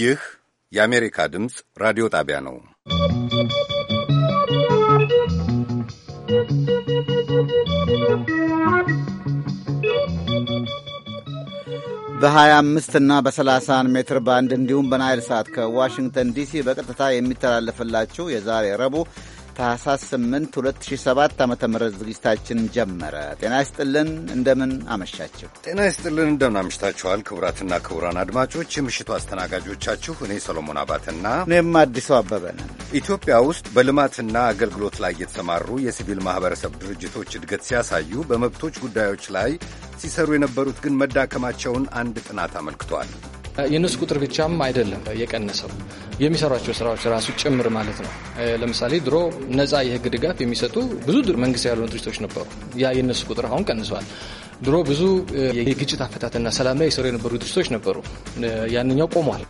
ይህ የአሜሪካ ድምፅ ራዲዮ ጣቢያ ነው። በ25 እና በ30 ሜትር ባንድ እንዲሁም በናይል ሰዓት ከዋሽንግተን ዲሲ በቀጥታ የሚተላለፍላችሁ የዛሬ ረቡዕ ታህሳስ 8 2007 ዓ ም ዝግጅታችን ጀመረ። ጤና ይስጥልን፣ እንደምን አመሻችሁ። ጤና ይስጥልን፣ እንደምን አመሽታችኋል። ክቡራትና ክቡራን አድማጮች የምሽቱ አስተናጋጆቻችሁ እኔ ሰሎሞን አባትና እኔም አዲሱ አበበ ነን። ኢትዮጵያ ውስጥ በልማትና አገልግሎት ላይ የተሰማሩ የሲቪል ማኅበረሰብ ድርጅቶች እድገት ሲያሳዩ፣ በመብቶች ጉዳዮች ላይ ሲሰሩ የነበሩት ግን መዳከማቸውን አንድ ጥናት አመልክቷል። የእነሱ ቁጥር ብቻም አይደለም የቀነሰው የሚሰሯቸው ስራዎች ራሱ ጭምር ማለት ነው። ለምሳሌ ድሮ ነፃ የህግ ድጋፍ የሚሰጡ ብዙ መንግስት ያሉ ድርጅቶች ነበሩ። ያ የእነሱ ቁጥር አሁን ቀንሷል። ድሮ ብዙ የግጭት አፈታትና ሰላም ላይ የሰሩ የነበሩ ድርጅቶች ነበሩ። ያንኛው ቆሟል።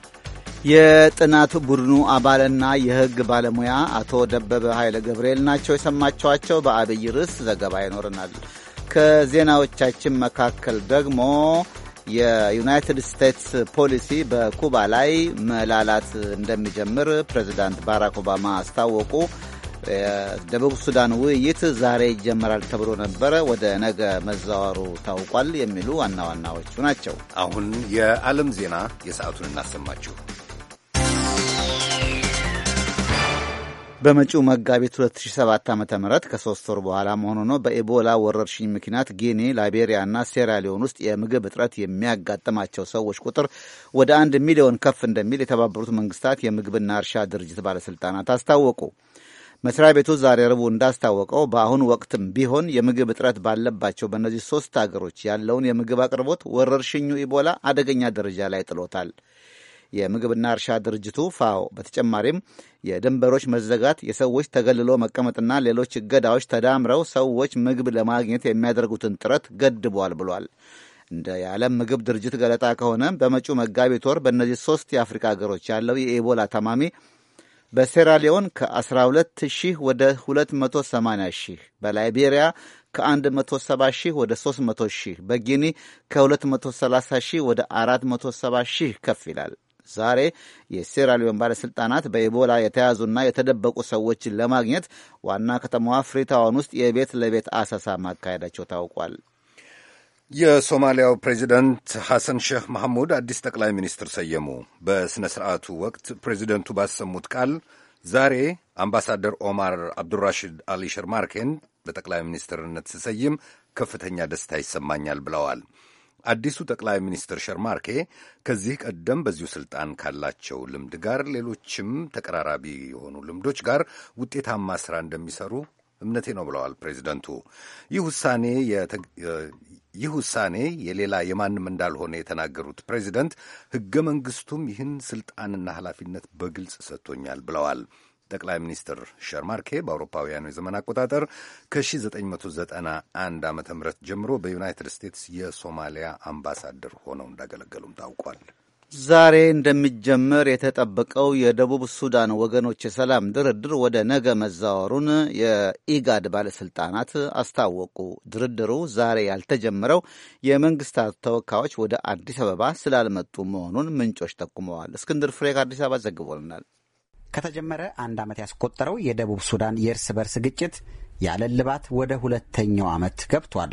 የጥናት ቡድኑ አባልና የህግ ባለሙያ አቶ ደበበ ኃይለ ገብርኤል ናቸው የሰማችኋቸው። በአብይ ርዕስ ዘገባ ይኖረናል። ከዜናዎቻችን መካከል ደግሞ የዩናይትድ ስቴትስ ፖሊሲ በኩባ ላይ መላላት እንደሚጀምር ፕሬዚዳንት ባራክ ኦባማ አስታወቁ። የደቡብ ሱዳን ውይይት ዛሬ ይጀመራል ተብሎ ነበረ፣ ወደ ነገ መዛወሩ ታውቋል። የሚሉ ዋና ዋናዎቹ ናቸው። አሁን የዓለም ዜና የሰዓቱን እናሰማችሁ። በመጪው መጋቢት 2007 ዓ ም ከሶስት ወር በኋላ መሆኑ ነው። በኢቦላ ወረርሽኝ ምክንያት ጊኒ፣ ላይቤሪያና ሴራሊዮን ውስጥ የምግብ እጥረት የሚያጋጥማቸው ሰዎች ቁጥር ወደ አንድ ሚሊዮን ከፍ እንደሚል የተባበሩት መንግስታት የምግብና እርሻ ድርጅት ባለሥልጣናት አስታወቁ። መስሪያ ቤቱ ዛሬ ረቡዕ እንዳስታወቀው በአሁኑ ወቅትም ቢሆን የምግብ እጥረት ባለባቸው በእነዚህ ሶስት አገሮች ያለውን የምግብ አቅርቦት ወረርሽኙ ኢቦላ አደገኛ ደረጃ ላይ ጥሎታል። የምግብና እርሻ ድርጅቱ ፋኦ በተጨማሪም የድንበሮች መዘጋት፣ የሰዎች ተገልሎ መቀመጥና ሌሎች እገዳዎች ተዳምረው ሰዎች ምግብ ለማግኘት የሚያደርጉትን ጥረት ገድቧል ብሏል። እንደ የዓለም ምግብ ድርጅት ገለጣ ከሆነ በመጪው መጋቢት ወር በእነዚህ ሶስት የአፍሪካ ሀገሮች ያለው የኢቦላ ታማሚ በሴራሊዮን ከ12 ሺህ ወደ 280 ሺህ፣ በላይቤሪያ ከ170 ሺህ ወደ 300 ሺህ፣ በጊኒ ከ230 ሺህ ወደ 470 ሺህ ከፍ ይላል። ዛሬ የሴራሊዮን ባለሥልጣናት በኢቦላ የተያዙና የተደበቁ ሰዎችን ለማግኘት ዋና ከተማዋ ፍሪታውን ውስጥ የቤት ለቤት አሰሳ ማካሄዳቸው ታውቋል። የሶማሊያው ፕሬዚደንት ሐሰን ሼህ መሐሙድ አዲስ ጠቅላይ ሚኒስትር ሰየሙ። በሥነ ሥርዓቱ ወቅት ፕሬዚደንቱ ባሰሙት ቃል ዛሬ አምባሳደር ኦማር አብዱራሽድ አሊ ሸርማርኬን በጠቅላይ ሚኒስትርነት ስሰይም ከፍተኛ ደስታ ይሰማኛል ብለዋል። አዲሱ ጠቅላይ ሚኒስትር ሸርማርኬ ከዚህ ቀደም በዚሁ ስልጣን ካላቸው ልምድ ጋር ሌሎችም ተቀራራቢ የሆኑ ልምዶች ጋር ውጤታማ ስራ እንደሚሰሩ እምነቴ ነው ብለዋል ፕሬዚደንቱ። ይህ ውሳኔ የሌላ የማንም እንዳልሆነ የተናገሩት ፕሬዚደንት ሕገ መንግስቱም ይህን ስልጣንና ኃላፊነት በግልጽ ሰጥቶኛል ብለዋል። ጠቅላይ ሚኒስትር ሸርማርኬ በአውሮፓውያኑ የዘመን አቆጣጠር ከ1991 ዓ ም ጀምሮ በዩናይትድ ስቴትስ የሶማሊያ አምባሳደር ሆነው እንዳገለገሉም ታውቋል። ዛሬ እንደሚጀምር የተጠበቀው የደቡብ ሱዳን ወገኖች የሰላም ድርድር ወደ ነገ መዛወሩን የኢጋድ ባለሥልጣናት አስታወቁ። ድርድሩ ዛሬ ያልተጀመረው የመንግስታት ተወካዮች ወደ አዲስ አበባ ስላልመጡ መሆኑን ምንጮች ጠቁመዋል። እስክንድር ፍሬ ከአዲስ አበባ ዘግቦልናል። ከተጀመረ አንድ ዓመት ያስቆጠረው የደቡብ ሱዳን የእርስ በርስ ግጭት ያለ እልባት ወደ ሁለተኛው ዓመት ገብቷል።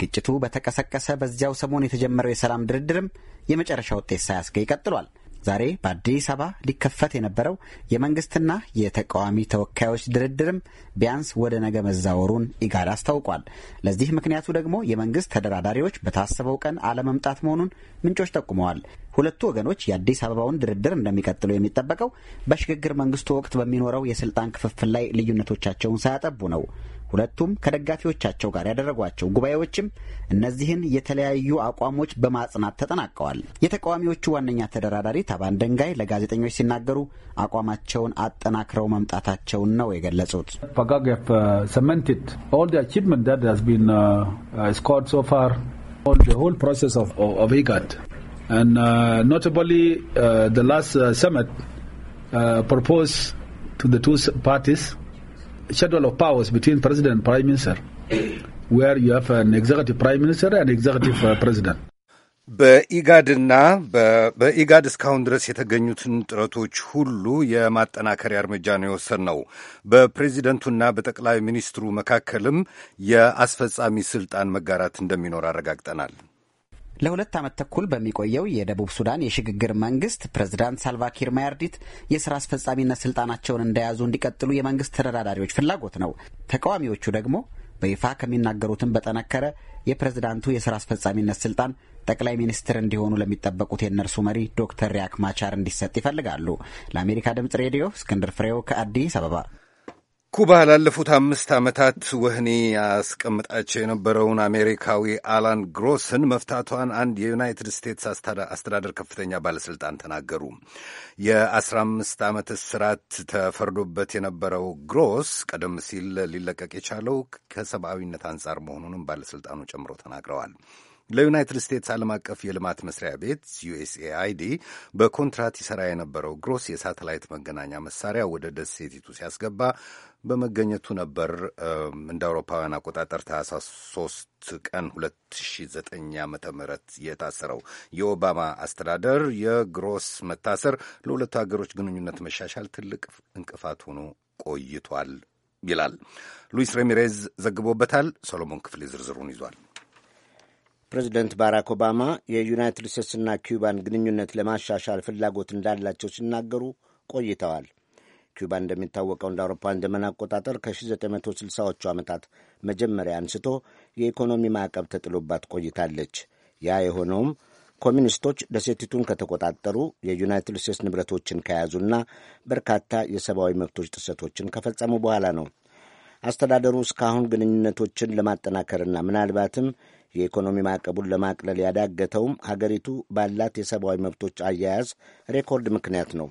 ግጭቱ በተቀሰቀሰ በዚያው ሰሞን የተጀመረው የሰላም ድርድርም የመጨረሻ ውጤት ሳያስገኝ ቀጥሏል። ዛሬ በአዲስ አበባ ሊከፈት የነበረው የመንግስትና የተቃዋሚ ተወካዮች ድርድርም ቢያንስ ወደ ነገ መዛወሩን ኢጋድ አስታውቋል። ለዚህ ምክንያቱ ደግሞ የመንግስት ተደራዳሪዎች በታሰበው ቀን አለመምጣት መሆኑን ምንጮች ጠቁመዋል። ሁለቱ ወገኖች የአዲስ አበባውን ድርድር እንደሚቀጥሉ የሚጠበቀው በሽግግር መንግስቱ ወቅት በሚኖረው የስልጣን ክፍፍል ላይ ልዩነቶቻቸውን ሳያጠቡ ነው። ሁለቱም ከደጋፊዎቻቸው ጋር ያደረጓቸው ጉባኤዎችም እነዚህን የተለያዩ አቋሞች በማጽናት ተጠናቀዋል። የተቃዋሚዎቹ ዋነኛ ተደራዳሪ ታባን ደንጋይ ለጋዜጠኞች ሲናገሩ አቋማቸውን አጠናክረው መምጣታቸውን ነው የገለጹት። ፕሮፖዝ ቱ ቱ ፓርቲስ schedule of powers between president and prime minister where you have an executive prime minister and executive uh, president በኢጋድና በኢጋድ እስካሁን ድረስ የተገኙትን ጥረቶች ሁሉ የማጠናከሪያ እርምጃ ነው የወሰን ነው። በፕሬዚደንቱና በጠቅላይ ሚኒስትሩ መካከልም የአስፈጻሚ ስልጣን መጋራት እንደሚኖር አረጋግጠናል። ለሁለት ዓመት ተኩል በሚቆየው የደቡብ ሱዳን የሽግግር መንግስት ፕሬዝዳንት ሳልቫኪር ማያርዲት የስራ አስፈጻሚነት ስልጣናቸውን እንደያዙ እንዲቀጥሉ የመንግስት ተደራዳሪዎች ፍላጎት ነው። ተቃዋሚዎቹ ደግሞ በይፋ ከሚናገሩትም በጠነከረ የፕሬዝዳንቱ የስራ አስፈጻሚነት ስልጣን ጠቅላይ ሚኒስትር እንዲሆኑ ለሚጠበቁት የእነርሱ መሪ ዶክተር ሪያክ ማቻር እንዲሰጥ ይፈልጋሉ። ለአሜሪካ ድምፅ ሬዲዮ እስክንድር ፍሬው ከአዲስ አበባ ኩባ ላለፉት አምስት ዓመታት ወህኒ ያስቀምጣቸው የነበረውን አሜሪካዊ አላን ግሮስን መፍታቷን አንድ የዩናይትድ ስቴትስ አስተዳደር ከፍተኛ ባለሥልጣን ተናገሩ። የ የ15 ዓመት እስራት ተፈርዶበት የነበረው ግሮስ ቀደም ሲል ሊለቀቅ የቻለው ከሰብአዊነት አንጻር መሆኑንም ባለሥልጣኑ ጨምሮ ተናግረዋል። ለዩናይትድ ስቴትስ ዓለም አቀፍ የልማት መስሪያ ቤት ዩኤስኤአይዲ በኮንትራት ይሠራ የነበረው ግሮስ የሳተላይት መገናኛ መሳሪያ ወደ ደሴቲቱ ሲያስገባ በመገኘቱ ነበር። እንደ አውሮፓውያን አቆጣጠር ታህሳስ ቀን 2009 ዓ ም የታሰረው የኦባማ አስተዳደር የግሮስ መታሰር ለሁለቱ ሀገሮች ግንኙነት መሻሻል ትልቅ እንቅፋት ሆኖ ቆይቷል ይላል። ሉዊስ ሬሚሬዝ ዘግቦበታል። ሰሎሞን ክፍሌ ዝርዝሩን ይዟል። ፕሬዚደንት ባራክ ኦባማ የዩናይትድ ስቴትስና ኪዩባን ግንኙነት ለማሻሻል ፍላጎት እንዳላቸው ሲናገሩ ቆይተዋል። ኪዩባ እንደሚታወቀው እንደ አውሮፓውያን ዘመን አቆጣጠር ከ1960ዎቹ ዓመታት መጀመሪያ አንስቶ የኢኮኖሚ ማዕቀብ ተጥሎባት ቆይታለች። ያ የሆነውም ኮሚኒስቶች ደሴቲቱን ከተቆጣጠሩ የዩናይትድ ስቴትስ ንብረቶችን ከያዙና በርካታ የሰብአዊ መብቶች ጥሰቶችን ከፈጸሙ በኋላ ነው። አስተዳደሩ እስካሁን ግንኙነቶችን ለማጠናከርና ምናልባትም የኢኮኖሚ ማዕቀቡን ለማቅለል ያዳገተውም ሀገሪቱ ባላት የሰብአዊ መብቶች አያያዝ ሬኮርድ ምክንያት ነው።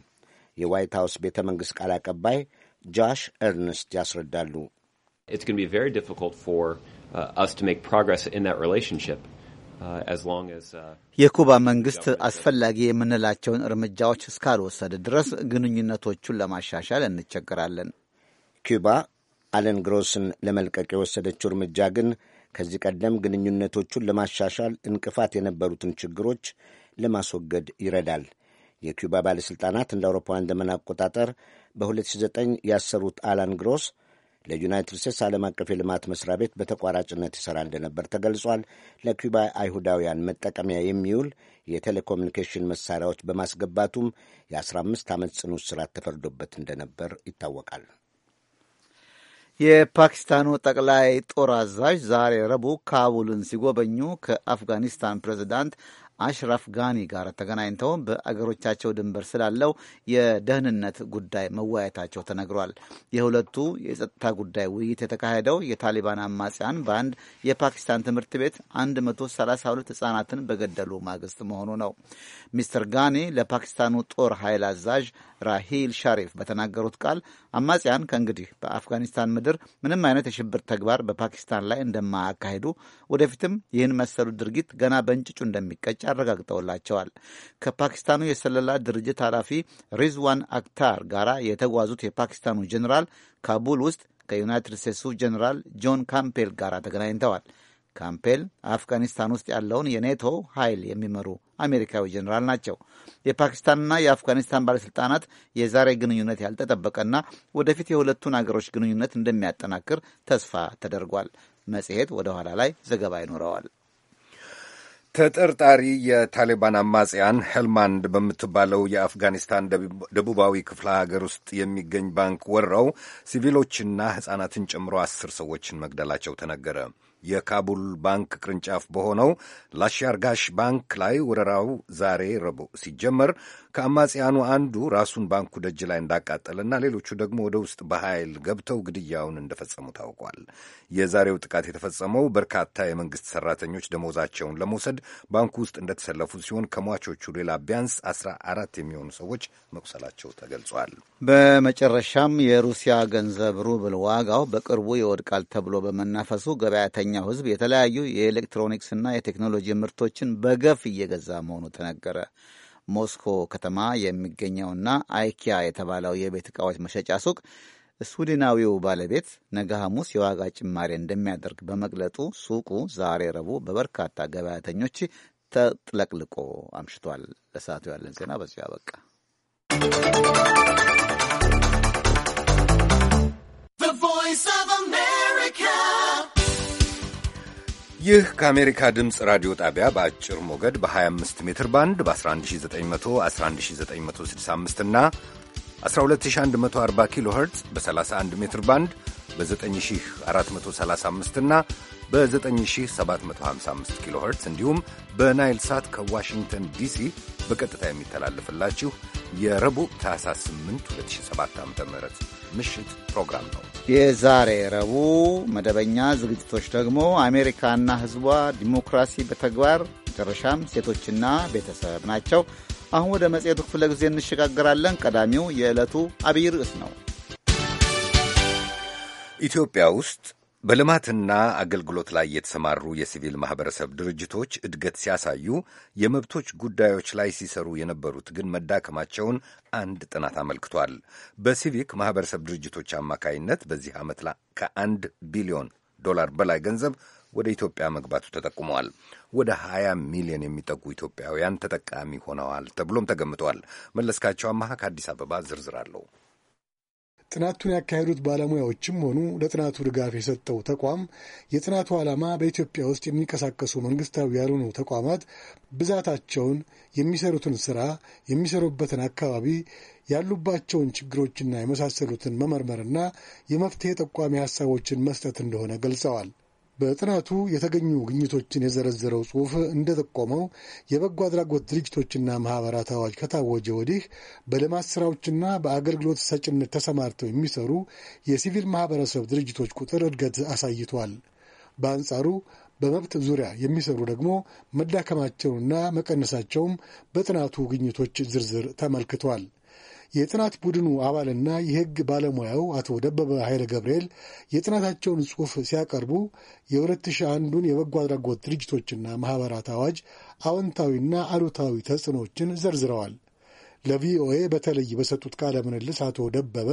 የዋይት ሀውስ ቤተ መንግሥት ቃል አቀባይ ጃሽ ኤርንስት ያስረዳሉ። uh, uh, uh, የኩባ መንግስት አስፈላጊ የምንላቸውን እርምጃዎች እስካልወሰደ ድረስ ግንኙነቶቹን ለማሻሻል እንቸገራለን። ኩባ አለን ግሮስን ለመልቀቅ የወሰደችው እርምጃ ግን ከዚህ ቀደም ግንኙነቶቹን ለማሻሻል እንቅፋት የነበሩትን ችግሮች ለማስወገድ ይረዳል። የኪዩባ ባለሥልጣናት እንደ አውሮፓውያን ዘመን አቆጣጠር በ2009 ያሰሩት አላን ግሮስ ለዩናይትድ ስቴትስ ዓለም አቀፍ የልማት መስሪያ ቤት በተቋራጭነት ይሠራ እንደነበር ተገልጿል። ለኪዩባ አይሁዳውያን መጠቀሚያ የሚውል የቴሌኮሙኒኬሽን መሣሪያዎች በማስገባቱም የ15 ዓመት ጽኑ እስራት ተፈርዶበት እንደነበር ይታወቃል። የፓኪስታኑ ጠቅላይ ጦር አዛዥ ዛሬ ረቡዕ ካቡልን ሲጎበኙ ከአፍጋኒስታን ፕሬዚዳንት አሽራፍ ጋኒ ጋር ተገናኝተው በአገሮቻቸው ድንበር ስላለው የደህንነት ጉዳይ መወያየታቸው ተነግሯል። የሁለቱ የጸጥታ ጉዳይ ውይይት የተካሄደው የታሊባን አማጽያን በአንድ የፓኪስታን ትምህርት ቤት 132 ህጻናትን በገደሉ ማግስት መሆኑ ነው። ሚስተር ጋኒ ለፓኪስታኑ ጦር ኃይል አዛዥ ራሂል ሻሪፍ በተናገሩት ቃል አማጽያን ከእንግዲህ በአፍጋኒስታን ምድር ምንም አይነት የሽብር ተግባር በፓኪስታን ላይ እንደማያካሄዱ፣ ወደፊትም ይህን መሰሉ ድርጊት ገና በእንጭጩ እንደሚቀጭ አረጋግጠውላቸዋል። ከፓኪስታኑ የስለላ ድርጅት ኃላፊ ሪዝዋን አክታር ጋር የተጓዙት የፓኪስታኑ ጀኔራል ካቡል ውስጥ ከዩናይትድ ስቴትሱ ጀኔራል ጆን ካምፔል ጋር ተገናኝተዋል። ካምፔል አፍጋኒስታን ውስጥ ያለውን የኔቶ ኃይል የሚመሩ አሜሪካዊ ጀኔራል ናቸው። የፓኪስታንና የአፍጋኒስታን ባለሥልጣናት የዛሬ ግንኙነት ያልተጠበቀና ወደፊት የሁለቱን አገሮች ግንኙነት እንደሚያጠናክር ተስፋ ተደርጓል። መጽሔት ወደ ኋላ ላይ ዘገባ ይኖረዋል። ተጠርጣሪ የታሊባን አማጽያን ሄልማንድ በምትባለው የአፍጋኒስታን ደቡባዊ ክፍለ ሀገር ውስጥ የሚገኝ ባንክ ወረው ሲቪሎችና ሕፃናትን ጨምሮ አስር ሰዎችን መግደላቸው ተነገረ። የካቡል ባንክ ቅርንጫፍ በሆነው ላሽያርጋሽ ባንክ ላይ ወረራው ዛሬ ረቡዕ ሲጀመር ከአማጽያኑ አንዱ ራሱን ባንኩ ደጅ ላይ እንዳቃጠለና ሌሎቹ ደግሞ ወደ ውስጥ በኃይል ገብተው ግድያውን እንደፈጸሙ ታውቋል። የዛሬው ጥቃት የተፈጸመው በርካታ የመንግሥት ሠራተኞች ደሞዛቸውን ለመውሰድ ባንኩ ውስጥ እንደተሰለፉ ሲሆን ከሟቾቹ ሌላ ቢያንስ አስራ አራት የሚሆኑ ሰዎች መቁሰላቸው ተገልጿል። በመጨረሻም የሩሲያ ገንዘብ ሩብል ዋጋው በቅርቡ ይወድቃል ተብሎ በመናፈሱ ገበያተኛው ሕዝብ የተለያዩ የኤሌክትሮኒክስና የቴክኖሎጂ ምርቶችን በገፍ እየገዛ መሆኑ ተነገረ። ሞስኮ ከተማ የሚገኘውና አይኪያ የተባለው የቤት ዕቃዎች መሸጫ ሱቅ ስዊድናዊው ባለቤት ነገ ሐሙስ የዋጋ ጭማሪ እንደሚያደርግ በመግለጡ ሱቁ ዛሬ ረቡዕ በበርካታ ገበያተኞች ተጥለቅልቆ አምሽቷል። ለሰዓቱ ያለን ዜና በዚሁ አበቃ። ቮይስ ኦፍ አሜሪካ ይህ ከአሜሪካ ድምፅ ራዲዮ ጣቢያ በአጭር ሞገድ በ25 ሜትር ባንድ በ11911965 እና 12140 ኪሎ ኸርትዝ በ31 ሜትር ባንድ በ9435 እና በ9755 ኪሎ ኸርትዝ እንዲሁም በናይል ሳት ከዋሽንግተን ዲሲ በቀጥታ የሚተላለፍላችሁ የረቡዕ ታህሳስ 8 2007 ም ምሽት ፕሮግራም ነው። የዛሬ ረቡዕ መደበኛ ዝግጅቶች ደግሞ አሜሪካና ሕዝቧ ዲሞክራሲ በተግባር መጨረሻም ሴቶችና ቤተሰብ ናቸው። አሁን ወደ መጽሔቱ ክፍለ ጊዜ እንሸጋግራለን። ቀዳሚው የዕለቱ አብይ ርዕስ ነው። ኢትዮጵያ ውስጥ በልማትና አገልግሎት ላይ የተሰማሩ የሲቪል ማህበረሰብ ድርጅቶች እድገት ሲያሳዩ የመብቶች ጉዳዮች ላይ ሲሰሩ የነበሩት ግን መዳከማቸውን አንድ ጥናት አመልክቷል። በሲቪክ ማህበረሰብ ድርጅቶች አማካይነት በዚህ ዓመት ከአንድ ቢሊዮን ዶላር በላይ ገንዘብ ወደ ኢትዮጵያ መግባቱ ተጠቁመዋል። ወደ 20 ሚሊዮን የሚጠጉ ኢትዮጵያውያን ተጠቃሚ ሆነዋል ተብሎም ተገምተዋል። መለስካቸው አማሃ ከአዲስ አበባ ዝርዝር አለው። ጥናቱን ያካሄዱት ባለሙያዎችም ሆኑ ለጥናቱ ድጋፍ የሰጠው ተቋም የጥናቱ ዓላማ በኢትዮጵያ ውስጥ የሚንቀሳቀሱ መንግስታዊ ያልሆኑ ተቋማት ብዛታቸውን፣ የሚሰሩትን ስራ፣ የሚሰሩበትን አካባቢ፣ ያሉባቸውን ችግሮችና የመሳሰሉትን መመርመርና የመፍትሄ ጠቋሚ ሀሳቦችን መስጠት እንደሆነ ገልጸዋል። በጥናቱ የተገኙ ግኝቶችን የዘረዘረው ጽሑፍ እንደጠቆመው የበጎ አድራጎት ድርጅቶችና ማኅበራት አዋጅ ከታወጀ ወዲህ በልማት ሥራዎችና በአገልግሎት ሰጭነት ተሰማርተው የሚሰሩ የሲቪል ማኅበረሰብ ድርጅቶች ቁጥር እድገት አሳይቷል። በአንጻሩ በመብት ዙሪያ የሚሰሩ ደግሞ መዳከማቸውንና መቀነሳቸውም በጥናቱ ግኝቶች ዝርዝር ተመልክቷል። የጥናት ቡድኑ አባልና የሕግ ባለሙያው አቶ ደበበ ኃይለ ገብርኤል የጥናታቸውን ጽሑፍ ሲያቀርቡ የ2001ዱን የበጎ አድራጎት ድርጅቶችና ማኅበራት አዋጅ አዎንታዊና አሉታዊ ተጽዕኖዎችን ዘርዝረዋል። ለቪኦኤ በተለይ በሰጡት ቃለ ምልልስ አቶ ደበበ